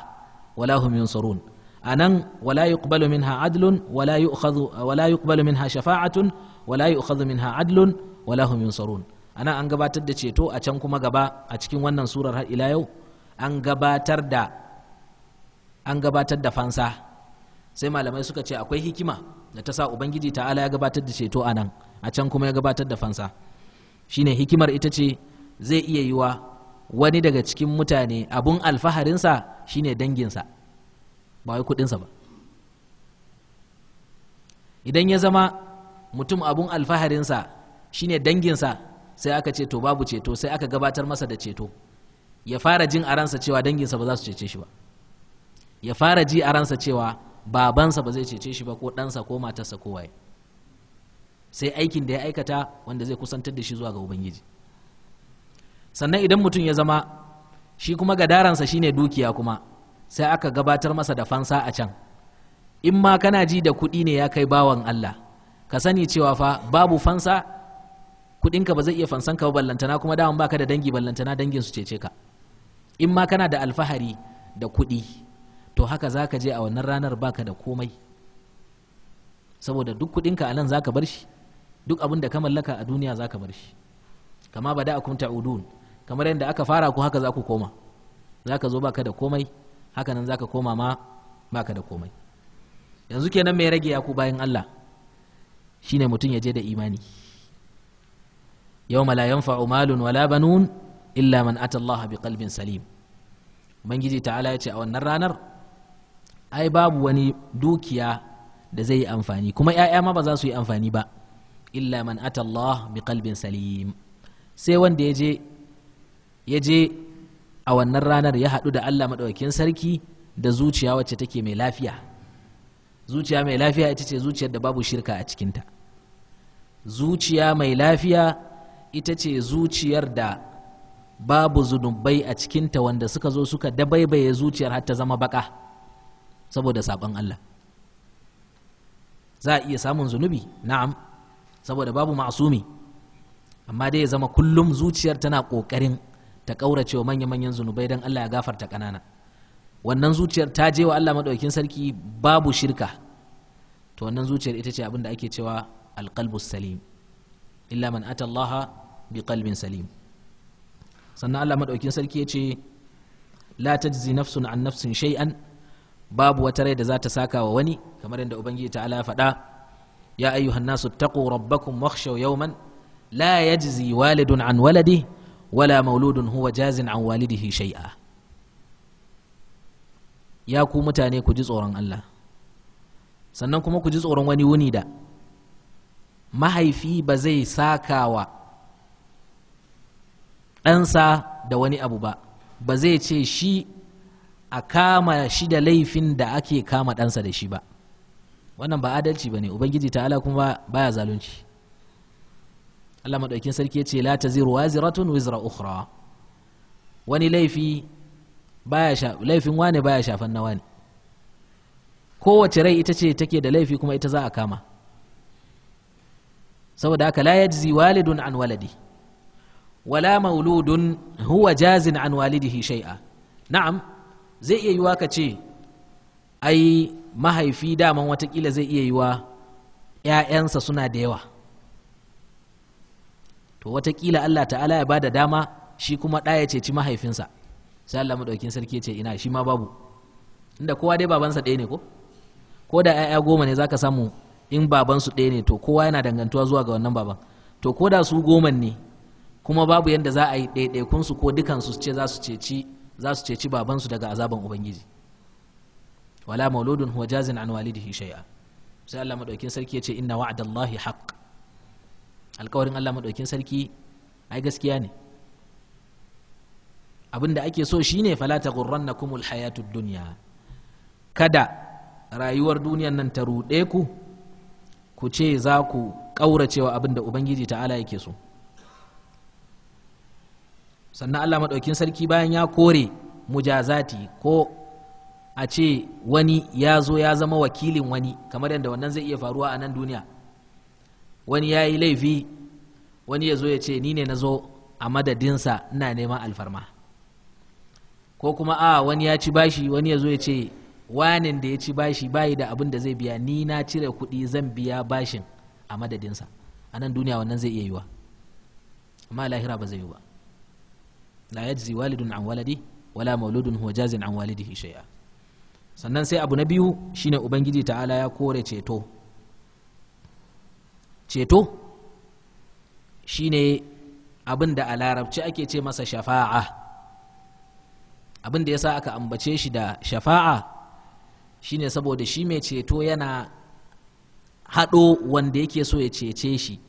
wala hum yunsarun anan wala yuqbalu minha adlun wala yu'khadhu wala yuqbalu minha shafa'atun wala yu'khadhu minha adlun wala hum yunsarun anan an gabatar da ceto a can kuma gaba a cikin wannan surar har ila yau an gabatar da an gabatar da fansa sai malamai suka ce akwai hikima da ta sa ubangiji ta'ala ya gabatar da ceto a can kuma ya gabatar da fansa shine hikimar ita ce zai iya yiwa wani daga cikin mutane abun alfaharinsa shine danginsa ba wai kudinsa ba idan ya zama mutum abun alfaharinsa shine danginsa sai aka ce to babu ceto sai aka gabatar masa da ceto ya fara jin a ransa cewa danginsa ba za su cece shi ba ya fara ji a ransa cewa babansa ba zai cece shi ba ko ɗansa ko matarsa ko waye sai aikin da ya aikata wanda zai kusantar da shi zuwa ga ubangiji sannan idan mutum ya zama shi kuma gadaransa shine dukiya kuma sai aka gabatar masa da fansa a can in ma kana ji da kuɗi ne ya kai bawan Allah ka sani cewa fa babu fansa kuɗinka ba zai iya fansan ka ballantana kuma daman baka da dangi ballantana dangin su cece ka in ma kana da alfahari da kuɗi to haka zaka je a wannan ranar baka da komai saboda duk kuɗinka a nan za bar shi duk abin da ka mallaka a duniya za ka bar shi kama ba bada akunta udun kamar yadda aka fara ku haka za ku koma za ka zo baka da komai haka nan za ka koma ma baka da komai yanzu kenan mai rage ya ku bayan Allah shine mutum ya je da imani Yau la yanfa'u malun wala banun illa man ata Allah bi qalbin salim ubangiji ta'ala ya ce a wannan ranar ai babu wani dukiya da zai yi amfani kuma ƴaƴa ma ba za su yi amfani ba illa man ata Allah bi qalbin salim sai wanda ya je ya je a wannan ranar ya haɗu da Allah maɗaukakin sarki da zuciya wacce take mai lafiya zuciya mai lafiya ita ce zuciyar da babu shirka a cikinta zuciya mai lafiya ita ce zuciyar da babu zunubai a cikinta wanda suka zo suka dabaibaye zuciyar har ta zama baka saboda saƙon Allah za a iya samun zunubi na'am saboda babu ma'asumi amma dai ya zama kullum zuciyar tana ƙoƙarin ta kaurace wa manya-manyan zunubai don Allah ya gafarta ƙanana wannan zuciyar ta je wa Allah maɗaukin sarki babu shirka to wannan zuciyar ita ce abin da ake cewa alqalbus salim illa man ata Allah bi qalbin salim sannan Allah maɗaukin sarki ya ce la tajzi nafsun an nafsin shay'an babu wata rai da za ta saka wa wani kamar yadda ubangiji ta'ala ya faɗa ya ayyuhan nasu taqu rabbakum wakhshaw yawman la yajzi walidun an waladi wala mauludun huwa jazin an walidihi shai'a ya ku mutane ku ji tsoron Allah sannan kuma ku ji tsoron wani wuni da mahaifi ba zai sakawa ɗansa da wani abu ba ba zai ce shi a kama shi da laifin da ake kama ɗansa da shi ba wannan ba adalci ba ne ubangiji ta'ala kuma baya zalunci Allah madaukin sarki ya ce la waziratun wizra ukhra wani laifi baya sha laifin wane baya shafan na wane kowace rai ita ce take da laifi kuma ita za a kama saboda haka la yajzi walidun an waladi wala mauludun huwa jazin an walidihi shay'a na'am zai iya yiwa ka ce ai mahaifi daman watakila zai iya yiwa ‘ya'yansa suna da yawa to watakila Allah ta'ala ya bada dama shi kuma ɗa ya ceci mahaifinsa sai Allah maɗaukin sarki ya ce ina shi ma babu inda kowa dai babansa ɗaya ne ko ko da 'ya'ya goma ne zaka samu in babansu ɗaya ne to kowa yana dangantuwa zuwa ga wannan baban to ko da su goman ne kuma babu yadda za a yi ɗaiɗaikunsu ko dukansu su ce za su ceci za su ceci babansu daga azaban ubangiji wala mauludun huwa jazin an walidihi shay'a sai Allah madaukin sarki ya ce inna wa'adallahi haqq alkawarin Allah maɗaukin sarki ai gaskiya ne abin da ake so shine fala kumul hayatud dunya kada rayuwar duniyar nan ta ruɗe ku ku ce za ku ƙauracewa abin da ubangiji ta'ala yake so sannan Allah maɗaukin sarki bayan ya kore mujazati ko a ce wani ya zo ya zama wakilin wani kamar yadda wannan zai iya faruwa a nan duniya wani ya yi laifi wani ya zo ya ce ni ne na zo a madadinsa ina neman alfarma ko kuma a wani ya ci bashi wani ya zo ya ce wanin da ya ci bashi bayi da abin da zai biya ni na cire kuɗi zan biya bashin a madadinsa a nan duniya wannan zai iya yiwa amma lahira ba zai yi ba la yajzi walidun an waladi wala mauludun huwa jazin an walidihi shay'a sannan sai abu na biyu shine ubangiji ta'ala ya kore ceto ceto shine abin da a larabci ake ce masa shafa'a abin da ya sa aka ambace shi da shafa'a shine saboda shi mai ceto yana haɗo wanda yake so ya cece shi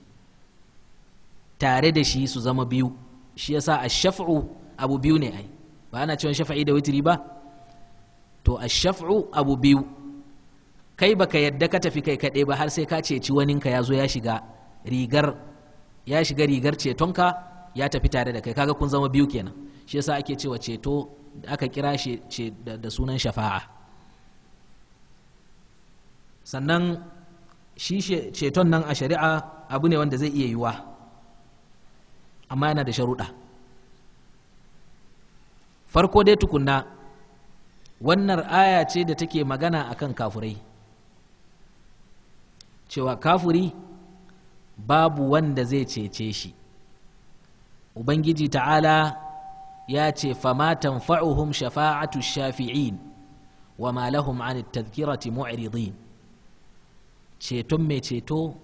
tare da shi su zama biyu shi ya sa a shaf'u abu biyu ne ai ba ana cewa shafa'i da witiri ba to a shaf'u abu biyu kai baka yadda ka tafi kai kaɗai ba har sai ka ceci waninka ya zo ya shiga rigar ya shiga rigar cetonka ya tafi tare da kai kaga kun zama biyu kenan shi yasa ake cewa ceto aka kira shi da sunan shafa'a sannan shi ceton nan a shari'a abu ne wanda zai iya yiwa amma yana da sharuɗa farko dai tukunna wannan aya ce da take magana akan kafurai cewa kafuri babu wanda zai cece shi ubangiji ta'ala ya ce famatan fa'uhum shafa'atu shafi'in wa malahum an tadhkirati mu'ridin ceton mai ceto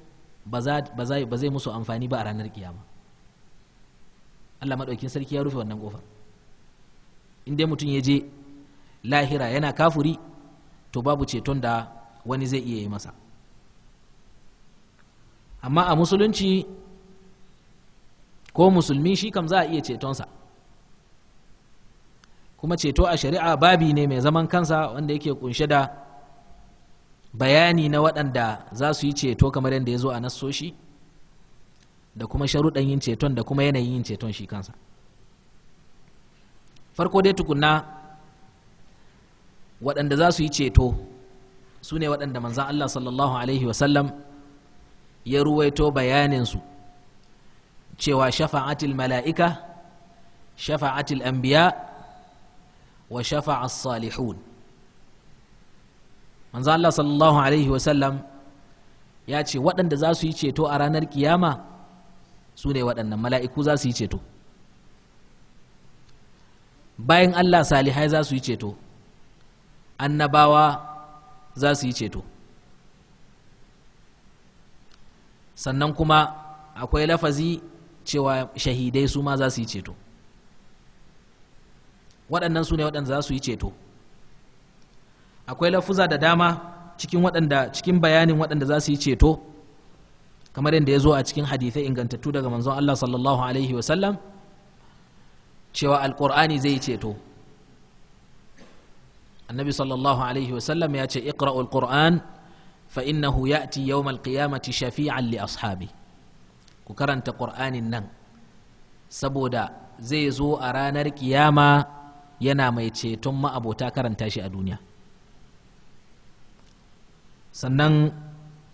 ba zai musu amfani ba a ranar kiyama Allah maɗaukin sarki ya rufe wannan ƙofar in dai mutum ya je lahira yana kafuri to babu ceton da wani zai iya yi masa amma a musulunci ko musulmi shi kam za a iya cetonsa kuma ceto a shari'a babi ne mai zaman kansa wanda yake kunshe da bayani na waɗanda za su yi ceto kamar yadda ya zo a nassoshi da kuma sharuɗan yin ceton da kuma yanayin yin ceton shi kansa farko dai tukunna waɗanda za su yi ceto su ne waɗanda manzan Allah sallallahu Alaihi wasallam ya ruwaito bayaninsu cewa shafa'atul mala'ika shafa'atul anbiya wa shafa'as salihun manzo Allah sallallahu alaihi wasallam ya ce waɗanda za su yi ceto a ranar kiyama su ne waɗannan mala'iku za su yi ceto bayan Allah salihai za su yi ceto annabawa za su yi ceto sannan kuma akwai lafazi cewa shahidai su ma za su yi ceto waɗannan su ne waɗanda za su yi ceto akwai lafuza da dama cikin waɗanda cikin bayanin waɗanda za su yi ceto kamar yadda ya zo a cikin hadithai ingantattu daga manzon Allah sallallahu alaihi wasallam cewa alƙur'ani zai ceto annabi sallallahu alaihi wasallam ya ce iqra'ul qur'an fa innahu ya'ti yawmal qiyamati shafi'an li ashabi ku karanta qur'anin nan saboda zai zo a ranar kiyama yana mai ceton ma'abota karanta shi a duniya sannan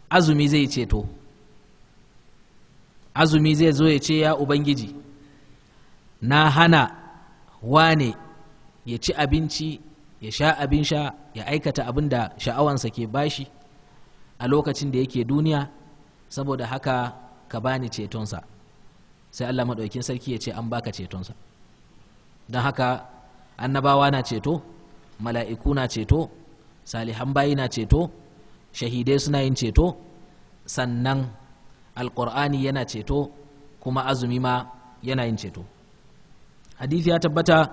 azumi zai ceto azumi zai zo ya ce ya ubangiji na hana wane ya ci abinci ya sha abin sha ya aikata abin da sha'awansa ke bashi a lokacin da yake duniya saboda haka ka bani cetonsa sai Allah maɗaukin sarki ya ce an baka cetonsa don haka annabawa na ceto mala'iku na ceto salihan bayi na ceto shahidai suna yin ceto sannan alƙur'ani yana ceto kuma azumi ma yana yin ceto hadithi ya tabbata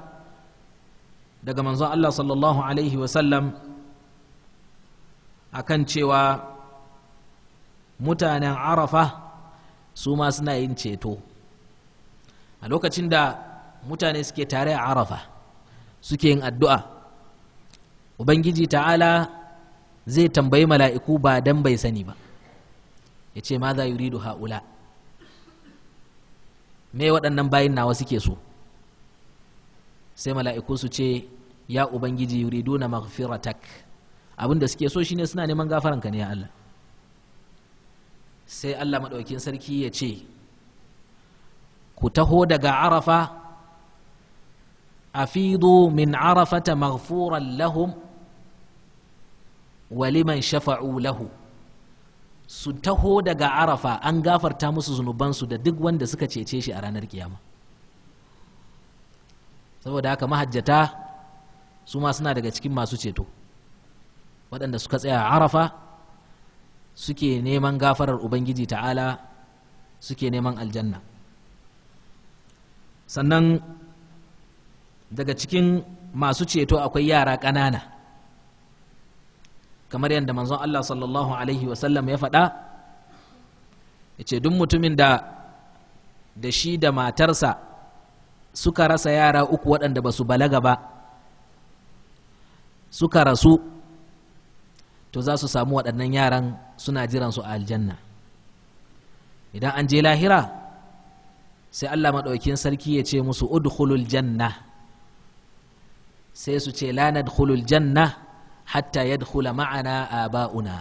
daga manzon Allah sallallahu alaihi wasallam akan cewa mutanen arafa su ma suna yin ceto a lokacin da mutane suke tare a arafa suke yin addu'a ubangiji ta'ala zai tambayi mala'iku ba dan bai sani ba ya ce ma za yuridu ha'ula me waɗannan bayin nawa suke so sai mala'iku su ce ya ubangiji yuridu na magfiratak abinda suke so shine suna neman gafaranka ne ya Allah sai Allah maɗaukin sarki ya ce ku taho daga arafa afidu min arafata maghfuran lahum waliman shafa'u lahu su taho daga arafa an gafarta musu zunubansu da duk wanda suka cece shi a ranar kiyama saboda haka mahajjata su ma suna daga cikin masu ceto waɗanda suka tsaya a arafa suke neman gafarar ubangiji ta'ala suke neman aljanna sannan daga cikin masu ceto akwai yara ƙanana kamar yadda manzon Allah sallallahu alaihi wasallam ya faɗa ya ce duk mutumin da da shi da matarsa suka rasa yara uku waɗanda ba su balaga ba suka rasu to za su samu waɗannan yaran suna jiran su a aljanna idan an je lahira sai Allah maɗaukin sarki ya ce musu udkhulul janna sai su ce la nadkhulul janna hatta yadkhula ma'ana aba'una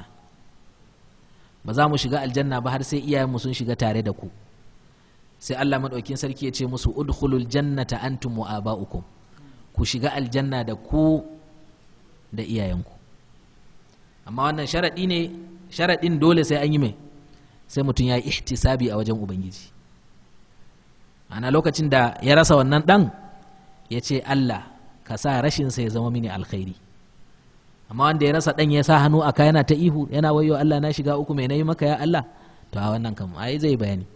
ba za mu shiga aljanna ba har sai iyayenmu sun shiga tare da ku sai Allah maɗaukin sarki ya ce musu udkhulul jannata antum wa aba'ukum ku shiga aljanna da ku da iyayenku amma wannan sharaɗi ne sharaɗin dole sai an yi mai sai mutum ya yi ihtisabi a wajen ubangiji ana lokacin da ya rasa wannan ɗan ya ce allah ka sa rashin sai ya zama mini alkhairi amma wanda ya rasa ɗan ya sa hannu a yana ta ihu yana wayo allah na shiga uku mai na yi maka ya allah to a wannan kam ai zai bayani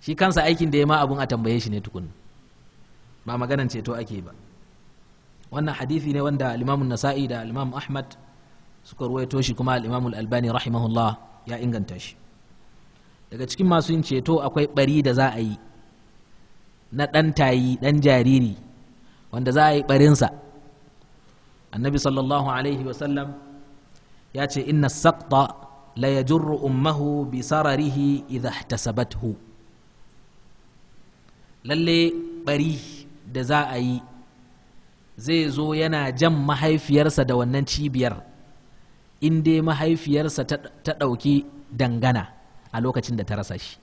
shi kansa aikin da ya ma abun a tambaye shi ne tukun ba maganan ceto ake ba wannan hadisi ne wanda limamun nasa'i da limamun ahmad suka ruwaito shi kuma al albani rahimahullah ya inganta shi daga cikin masu yin ceto akwai bari da za a yi na ɗan tayi ɗan jariri wanda za a yi barinsa annabi sallallahu alaihi wasallam ya ce inna saqta la yajurru ummahu bi sararihi idha ihtasabathu lalle bari da za a yi zai zo yana jan mahaifiyarsa da wannan cibiyar in dai mahaifiyarsa ta ɗauki dangana a lokacin da ta rasa shi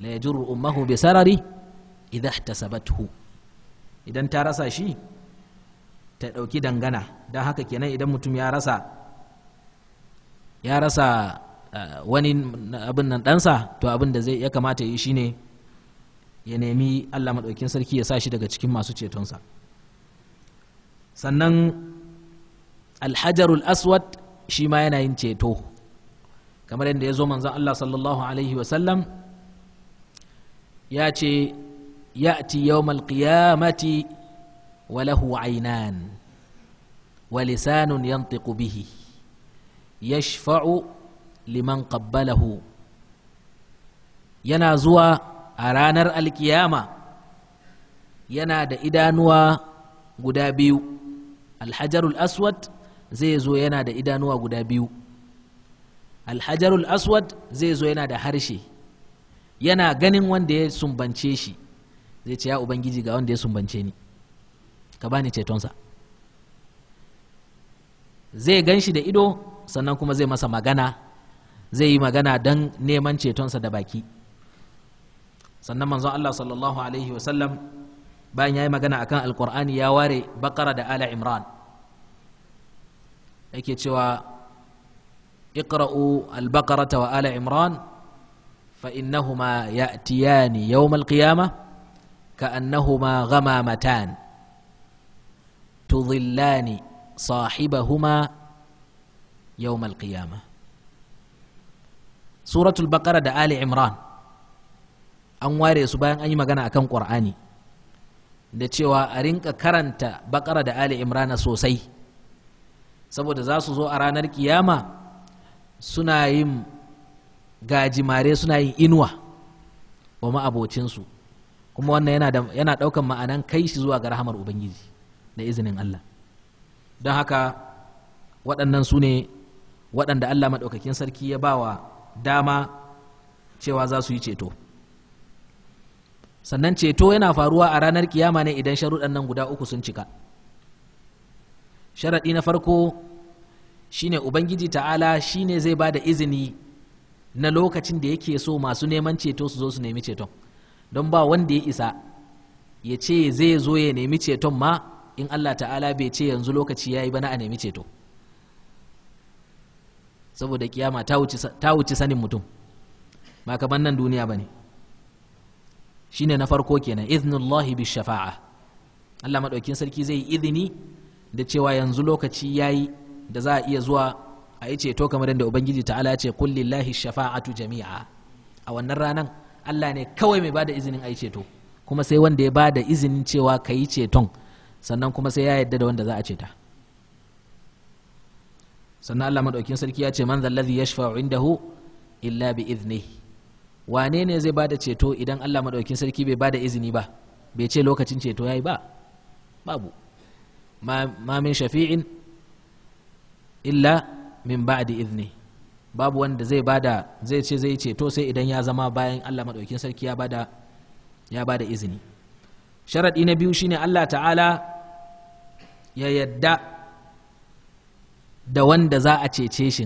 la yajurru ummuhu bi sarari ta sabatu idan ta rasa shi ta ɗauki dangana don haka kenan idan mutum ya rasa eh, wani abin nan ɗansa to abin da zai ya kamata yi shine ya nemi Allah maɗaukin sarki ya sa shi daga cikin masu cetonsa sannan الحجر الأسود شما ينين تيتو كما لأن يزو منزا الله صلى الله عليه وسلم يأتي يأتي يوم القيامة وله عينان ولسان ينطق به يشفع لمن قبله ينا زوى أرانر القيامة ينا دا إدانوى قدابيو الحجر الأسود zai zo yana da idanuwa guda biyu alhajarul aswad zai zo yana da harshe yana ganin wanda ya sumbance shi zai ce ya ubangiji ga wanda ya sumbance ni ka bani cetonsa zai gan shi da ido sannan kuma zai masa magana zai yi magana don neman cetonsa da baki sannan manzon Allah sallallahu alaihi wasallam bayan ya yi magana akan alkur'ani ya ware bakara da ala imran yake cewa iqra'u al-baqarata wa ala imran fa innahuma ya'tiyani yawm al-qiyamah ka'annahuma ghamamatan tudhillani sahibahuma yawm al-qiyamah suratul baqara da آل imran an ware su bayan an yi magana akan qur'ani da cewa a rinka karanta baqara da ali imran sosai saboda za su zo a ranar kiyama suna yin gajimare suna yin inuwa wa ma'abocinsu kuma wannan yana ɗaukan ma'anan kai shi zuwa ga rahamar ubangiji da izinin allah don haka waɗannan su ne waɗanda allah maɗaukakin sarki ya ba wa dama cewa za su yi ceto sannan ceto yana faruwa a ranar kiyama ne idan sharuɗan nan guda uku sun cika sharaɗi na farko shine ubangiji ta'ala shine zai ba da izini na lokacin da yake so masu neman ceto su zo su nemi ceton don ba wanda ya isa ya ce zai zo ya nemi ceton ma in allah ta'ala bai ce yanzu lokaci ya yi bana a nemi ceto saboda kiyama ta wuce sanin mutum ba kamar nan duniya ba ne shine na farko kenan iznullahi bi shafa'a allah maɗaukin sarki zai yi izini da cewa yanzu lokaci ya yi da za a iya zuwa a yi ceto kamar yadda ubangiji ta'ala ce kulli lahi shafa'atu jami'a a wannan ranan Allah ne kawai mai bada izinin a yi ceto kuma sai wanda ya bada izinin cewa ka yi ceton sannan kuma sai ya yadda da wanda za a ceta sannan Allah maɗaukin sarki ya ce man zallazi yashfa'u indahu illa bi izini, wane ne zai bada ceto idan Allah maɗaukin sarki bai bada izini ba bai ce lokacin ceto ya yi ba babu ma min shafi'in illa min ba'di izni babu wanda zai bada zai ce zai ceto sai idan ya zama bayan Allah madaukin sarki ya bada ya bada izini sharadi na biyu shine Allah ta'ala ya yadda da wanda za a cece shi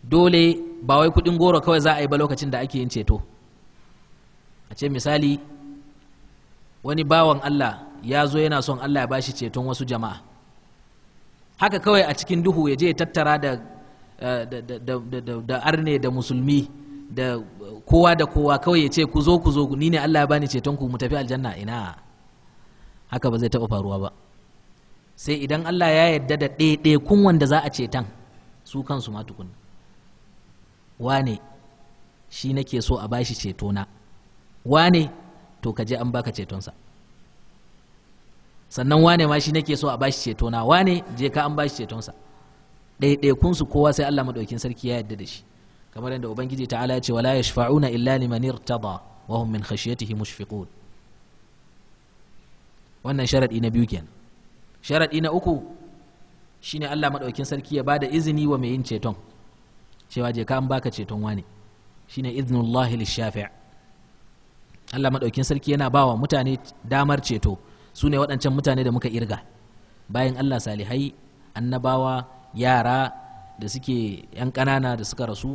dole ba wai kudin goro kawai za a yi ba lokacin da ake yin ceto a ce misali wani bawan Allah ya zo yana son Allah ya bashi ceton wasu jama'a haka kawai a cikin duhu ya je ya tattara da eh, arne da musulmi da kowa da kowa kawai ya ce ku zo ku zo ni ne Allah ya bani ceton ku mu tafi aljanna ina haka ba zai taɓa faruwa ba sai idan Allah ya yarda da ɗaiɗaikun wanda za a ceton su kansu ma tukun wane shi nake so a bashi cetona wane to ka je an baka cetonsa sannan wane ma shi nake so a bashi ceto na wane je ka an bashi cetonsa ɗaiɗaikun su kowa sai Allah madaukin sarki ya yarda da shi kamar yadda ubangiji ta'ala ya ce wala yashfa'una illa liman irtada wa hum min khashyatihi mushfiqun wannan sharadi na biyu kenan sharadi na uku shine Allah madaukin sarki ya bada izini wa mai yin ceton cewa je ka an baka ceton wane shine idnullahi lishafi' Allah madaukin sarki yana bawa mutane damar ceto su ne waɗancan mutane da muka irga bayan allah salihai annabawa yara da suke 'yan ƙanana da suka rasu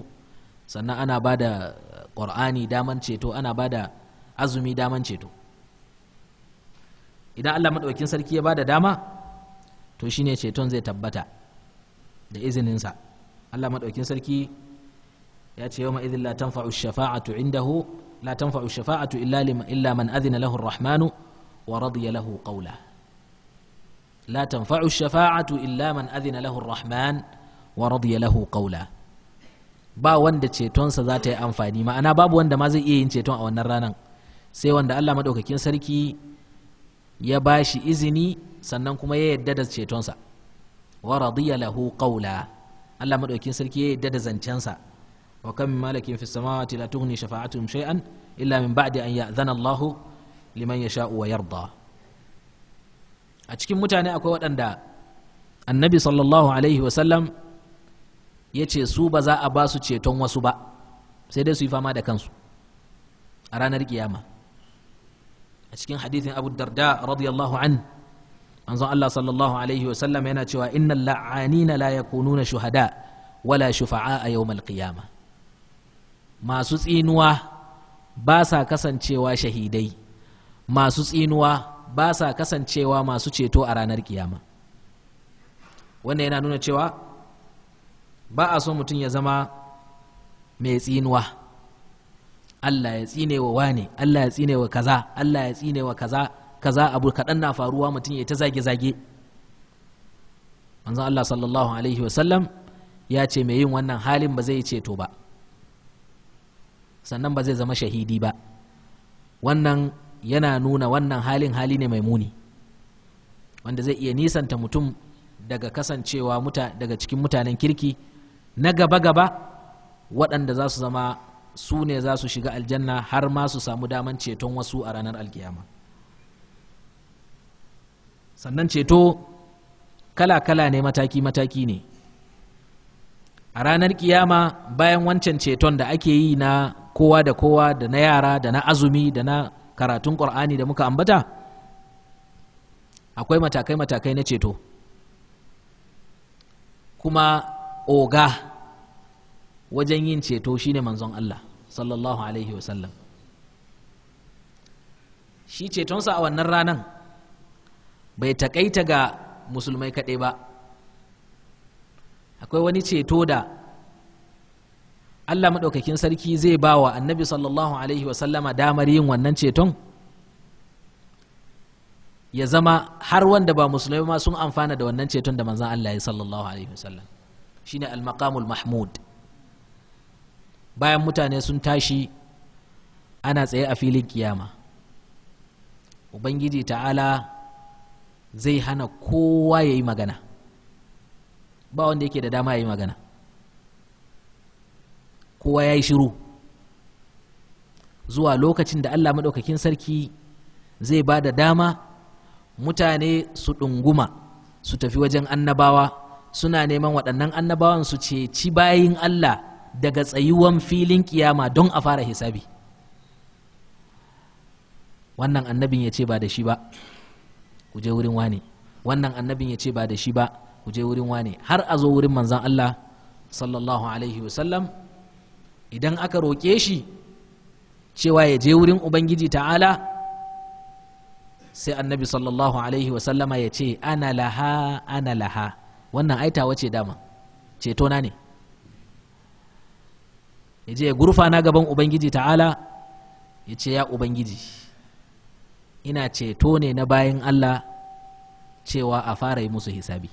sannan ana ba da ƙor'ani daman ceto ana ba da azumi daman ceto idan allah maɗaukin sarki ya ba da dama to shine ceton zai tabbata da izininsa allah maɗaukin sarki ya ce yau ma'izin la tanfa'u shafa'atu indahu la tanfa'u shafa'atu illa man azina lahu rahmanu wa radiya lahu qawla la tanfa'u shafa'atu illa man adhina rahman wa radiya lahu qawla ba wanda cetonsa za ta yi amfani ma'ana babu wanda ma zai iya yin ceton a wannan ranar sai wanda Allah madaukakin sarki ya ba shi izini sannan kuma ya yadda da cetonsa wa radiya lahu qawla Allah madaukakin sarki ya yadda da zancensa wa kam malakin fis samawati la tughni shafa'atuhum shay'an illa min ba'di an ya'dhana Allahu liman yasha'u wa yarda a cikin mutane akwai waɗanda annabi sallallahu alaihi wasallam ya ce su ba za a ba su ceton wasu ba sai dai su yi fama da kansu a ranar kiyama a cikin hadithin abu darda radiyallahu an manzon Allah sallallahu alaihi wasallam yana cewa innal la'anina la yakununa shuhada wala shufa'a a yawmal qiyama masu tsinuwa ba sa kasancewa shahidai masu tsinuwa ba sa kasancewa masu ceto a ranar kiyama wannan yana nuna cewa ba a so mutum ya zama mai tsinuwa Allah ya tsine wa wane Allah ya tsine wa kaza Allah ya tsine wa kaza kaza abu kaɗan na faruwa mutum ya ta zage-zage manzon Allah sallallahu alaihi wasallam ya ce mai yin wannan halin ba zai ceto ba sannan ba zai zama shahidi ba wannan yana nuna wannan halin hali ne mai muni wanda zai iya nisanta mutum daga kasancewa muta daga cikin mutanen kirki na gaba-gaba waɗanda za su zama su ne za su shiga aljanna har ma su samu daman ceton wasu a ranar alkiyama sannan ceto kala-kala ne mataki-mataki ne a ranar kiyama bayan wancan ceton da ake yi na kowa da kowa da na yara da na azumi da na karatun ƙur'ani da muka ambata akwai matakai-matakai na ceto kuma oga wajen yin ceto shine manzon Allah sallallahu alaihi wasallam shi cetonsa a wannan ranan bai taƙaita ga musulmai kaɗai ba akwai wani ceto da Allah maɗaukakin sarki zai ba wa annabi sallallahu alaihi wasallama damar yin wannan ceton ya zama har wanda ba musulmai ma sun amfana da wannan ceton da manzan Allah ya sallallahu alaihi wasallam shine al-maqamul mahmud bayan mutane sun tashi ana tsaye a filin kiyama ubangiji ta'ala zai hana kowa ya yi magana ba wanda yake da dama ya yi magana kowa ya yi shiru zuwa lokacin da allah maɗaukakin sarki zai ba da dama mutane su ɗunguma su tafi wajen annabawa suna neman waɗannan annabawan su ceci bayin allah daga tsayuwan filin kiyama don a fara hisabi wannan annabin ya ce ba da shi ba ku je wurin wane wannan annabin ya ce ba da shi ba ku je wurin wane har a zo wurin manzan allah sallallahu alaihi wasallam idan aka roƙe shi cewa ya je wurin ubangiji ta'ala sai annabi sallallahu alaihi wasallama ya ce ana laha ana laha wannan aitawa ce dama cetona ne ya je ya gurfana gaban ubangiji ta'ala ya ce ya ubangiji ina ceto ne na bayan allah cewa a fara yi musu hisabi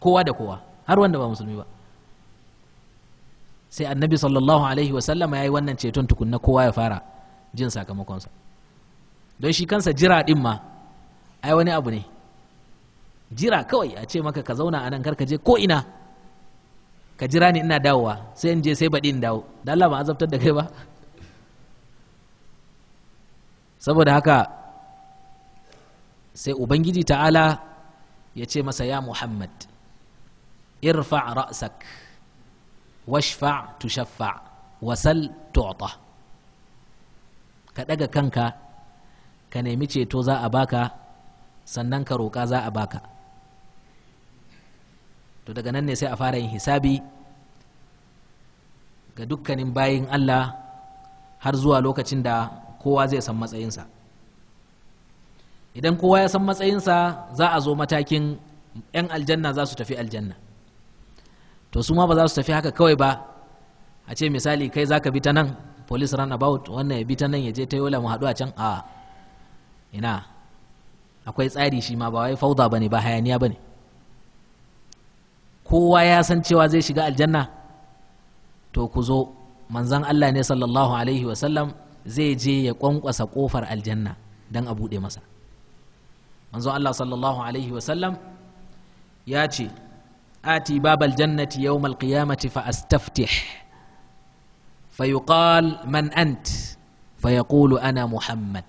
kowa da kowa har wanda ba musulmi ba sai annabi sallallahu alaihi wasallama ya yi wannan ceton tukunna kowa ya fara jin sakamakonsa don shi kansa jira din ma ai wani abu ne jira kawai a ce maka ka zauna a nan ka je ko ina ka jira ni ina dawowa sai in je sai baɗi in dawo da Allah ba azabtar da kai ba saboda haka sai ubangiji ta'ala ya ce masa ya muhammad irfa ra'sak washfa tushaffa wasal tu'ta ka ɗaga kanka ka nemi ceto za a baka sannan ka roƙa za a baka to daga nan ne sai a fara yin hisabi ga dukkanin bayin Allah har zuwa lokacin da kowa zai san matsayinsa idan kowa ya san matsayinsa za a zo matakin 'yan aljanna za su tafi aljanna to su ma ba za su tafi haka kawai ba a ce misali kai za ka bi ta nan police about wannan ya bi ta nan ya je ta yola mu haɗu a can a ina akwai tsari shi ma ba wai fauda ba ne ba hayaniya ba ne kowa ya san cewa zai shiga aljanna to ku zo manzan allah ne sallallahu alaihi wasallam zai je ya kwankwasa kofar aljanna don a buɗe masa manzon allah sallallahu alaihi wasallam ya ce آتي باب الجنة يوم القيامة فأستفتح فيقال من أنت فيقول أنا محمد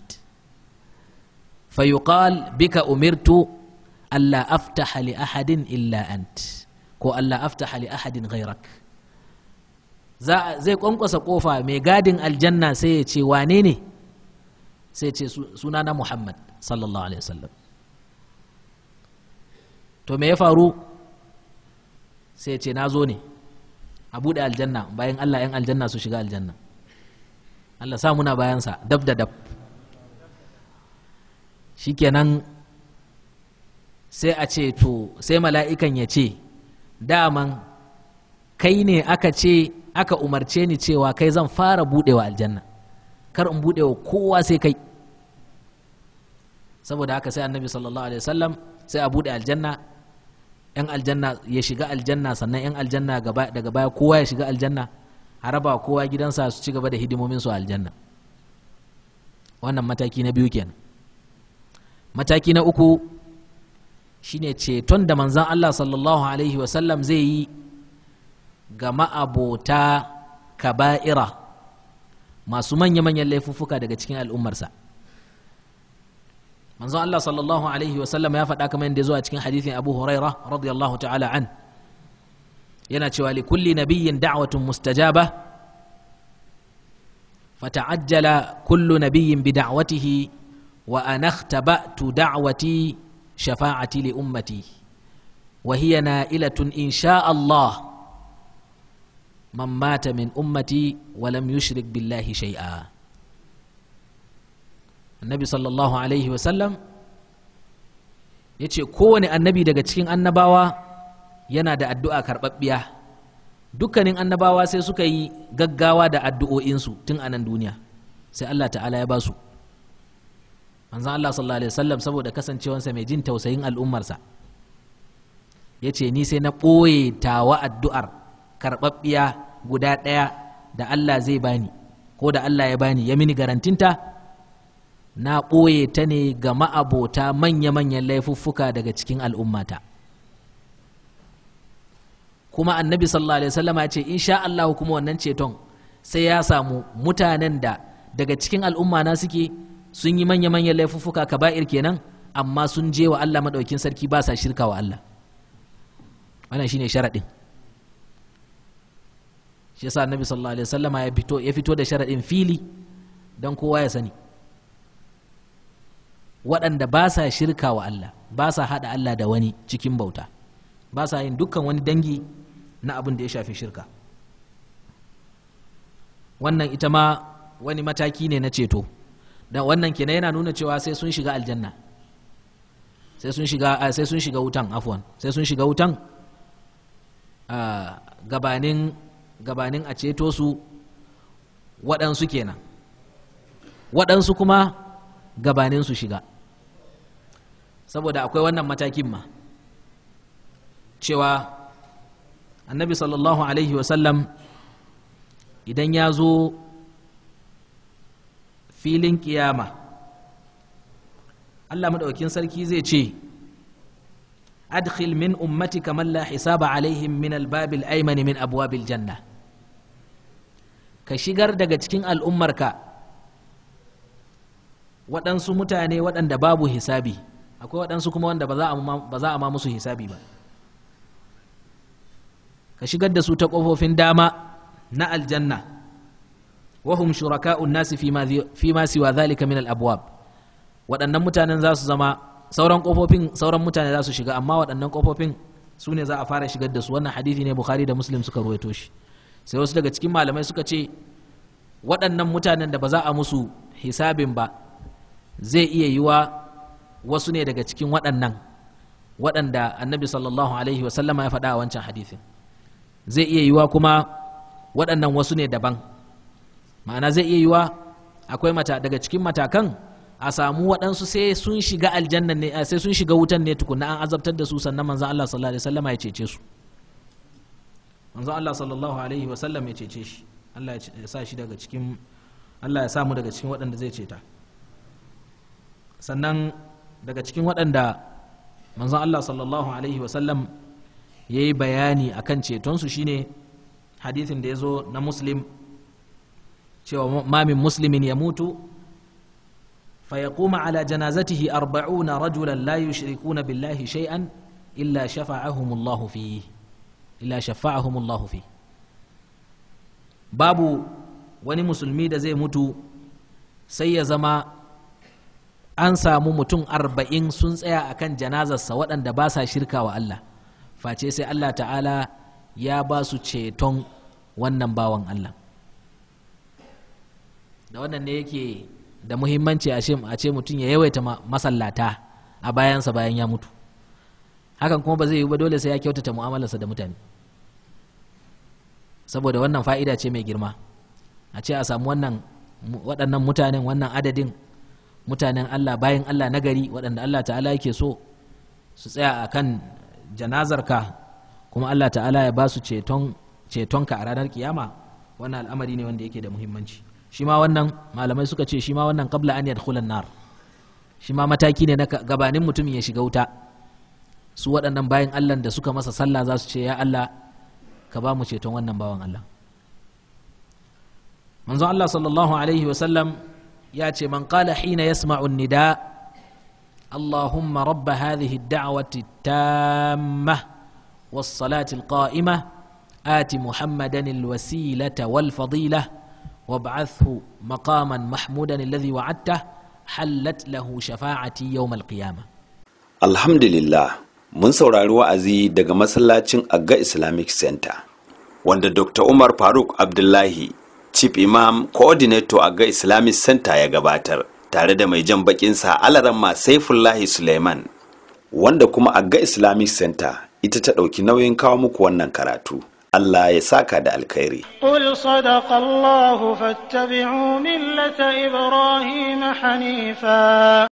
فيقال بك أمرت ألا أفتح لأحد إلا أنت كو ألا أفتح لأحد غيرك زي قنقو سقوفا ميقادن الجنة سيتي وانيني سيتي سنانا محمد صلى الله عليه وسلم تو ميفارو sai ce na zo ne a buɗe aljanna bayan Allah ‘yan aljanna su shiga aljanna Allah sa muna bayansa dab da dab shikenan sai a ce to sai mala'ikan ya ce daman kai ne aka ce aka umarce ni cewa kai zan fara buɗewa aljanna kar in buɗewa kowa sai kai saboda haka sai annabi sallallahu alaihi wasallam sai a buɗe aljanna yan aljanna ya shiga aljanna sannan yan aljanna daga baya kowa ya shiga aljanna haraba kowa gidansa su ci gaba da hidimomin su aljanna wannan mataki na biyu kenan mataki na uku shine ceton da manzan Allah sallallahu alaihi wasallam zai yi ga ma'abota kaba'ira masu manya-manyan laifuffuka daga cikin al'ummarsa manzo Allah sallallahu alaihi wasallam ya faɗa kamar yadda zuwa cikin hadithin Abu Huraira radiyallahu ta'ala an yana cewa li kulli nabiyyin da'watun mustajaba fata'ajjala kullu nabiyyin bi da'watihi wa ana ikhtaba'tu da'wati shafa'ati li ummati wa hiya na'ilatun insha Allah man mata min ummati wa lam yushrik billahi shay'a annabi sallallahu alaihi wasallam ya ce kowane annabi daga cikin annabawa yana da addu'a karɓaɓɓiya dukkanin annabawa sai suka yi gaggawa da addu'o'insu tun a nan duniya sai Allah ta'ala ya ba su manzan Allah sallallahu alaihi wasallam saboda kasancewansa mai jin tausayin al'ummarsa ya ce ni sai na ɓoye tawa addu'ar karɓaɓɓiya guda ɗaya da Allah zai bani ko da Allah ya bani ya mini garantinta na ɓoye ta ne ga ma'abota manya-manyan laifuffuka daga cikin al'ummata kuma annabi sallallahu alaihi wasallama ce insha Allah kuma wannan ceton sai ya samu mutanen da daga cikin al'umma na suke sun yi manya-manyan laifuffuka kaba'ir kenan amma sun je wa Allah madaukin sarki ba sa shirka wa Allah wannan shine sharadin shi yasa annabi sallallahu alaihi wasallama ya fito ya fito da sharadin fili dan kowa ya sani waɗanda ba sa shirka wa Allah ba sa haɗa Allah da wani cikin bauta ba sa yin dukkan wani dangi na abin da ya shafi shirka wannan ita ma wani mataki ne na ceto da wannan kenan yana nuna cewa sai sun shiga aljanna sai sun shiga ah, sai sun shiga wutan afwan sai sun shiga wutan ah, gabanin gabanin a ceto su waɗansu kenan waɗansu kuma gabanin su shiga saboda akwai wannan matakin ma cewa annabi sallallahu alaihi wasallam idan ya zo filin kiyama allah maɗaukin sarki zai ce adkhil min ummati kamar la hisaba alaihim min albabil aimani min abwabil janna ka shigar daga cikin al'ummarka waɗansu mutane waɗanda babu hisabi akwai waɗansu kuma wanda ba za a ma musu hisabi ba ka shigar da su ta ƙofofin dama na aljanna wahum shuraka'un nasi fi ma siwa zalika min al-abwab waɗannan mutanen za su zama sauran ƙofofin sauran mutane za su shiga amma waɗannan ƙofofin su ne za a fara shigar da su wannan hadithi ne bukhari da muslim suka ruwaito shi sai wasu daga cikin malamai suka ce waɗannan mutanen da ba za a musu hisabin ba zai iya yiwa wasu ne daga cikin waɗannan waɗanda annabi sallallahu alaihi wasallama ya faɗa a wancan hadithin zai iya yiwa kuma waɗannan wasu ne daban ma'ana zai iya yiwa akwai mata daga cikin matakan a samu waɗansu sai sun shiga aljanna ne eh, sai sun shiga wutan ne tukuna an azabtar da su sannan manzon Allah sallallahu alaihi wasallama ya cece su manzon Allah sallallahu alaihi wasallam ya cece shi Allah ya sa shi daga cikin Allah ya samu daga cikin waɗanda zai ceta sannan daga cikin waɗanda manzon Allah sallallahu alaihi wasallam ya yi bayani a kan cetonsu shine hadithin da ya zo na muslim cewa mamin muslimin ya mutu Fa ya جنازته ala jana'zatihi Arba'una يشركون بالله شيئا إلا شفعهم الله illa إلا شفعهم الله wani musulmi da zai mutu sai ya zama an samu mutum arba'in sun tsaya a kan janazarsa waɗanda ba sa shirka wa Allah face sai Allah ta'ala ya ba su ceton wannan bawan Allah da wannan ne yake da muhimmanci a ce mutum ya yawaita masallata a bayansa bayan ya mutu hakan kuma ba zai yi ba dole sai ya kyautata mu'amalarsa da mutane saboda wannan fa'ida ce mai girma a ce a samu wannan waɗannan mutanen wannan adadin mutanen Allah bayan Allah nagari waɗanda Allah ta'ala yake so su tsaya a kan janazarka kuma Allah ta'ala ya ba su ka a ranar kiyama wannan al'amari ne wanda yake da muhimmanci shi ma wannan malamai suka ce shi ma wannan kabla an yadkhulan nar shi ma mataki ne na gabanin mutumin ya shiga wuta su waɗannan bayan Allah da suka masa sallah za su ce ya Allah ka ba mu ceton wannan bawan Allah manzon Allah sallallahu alaihi wa ya ce man qala hina yasma'u nida allahumma rabba hadhihi ad-da'wati tamma wasu salati ati muhammadan al-wasilata wal wa ba'athu maqaman mahmudan alladhi wa'adta hallat lahu shafa'ati yawm al alhamdulillah mun saurari wa'azi daga masallacin agga islamic center wanda dr umar faruk abdullahi chief imam coordinator a ga islamic center ya gabatar tare da mai jan bakinsa Alarama saifullahi suleiman wanda kuma a ga islamic center ita ta ɗauki nauyin kawo muku wannan karatu Allah ya saka da alkhairi. Qul sadaqa fattabi'u millata Ibrahim hanifa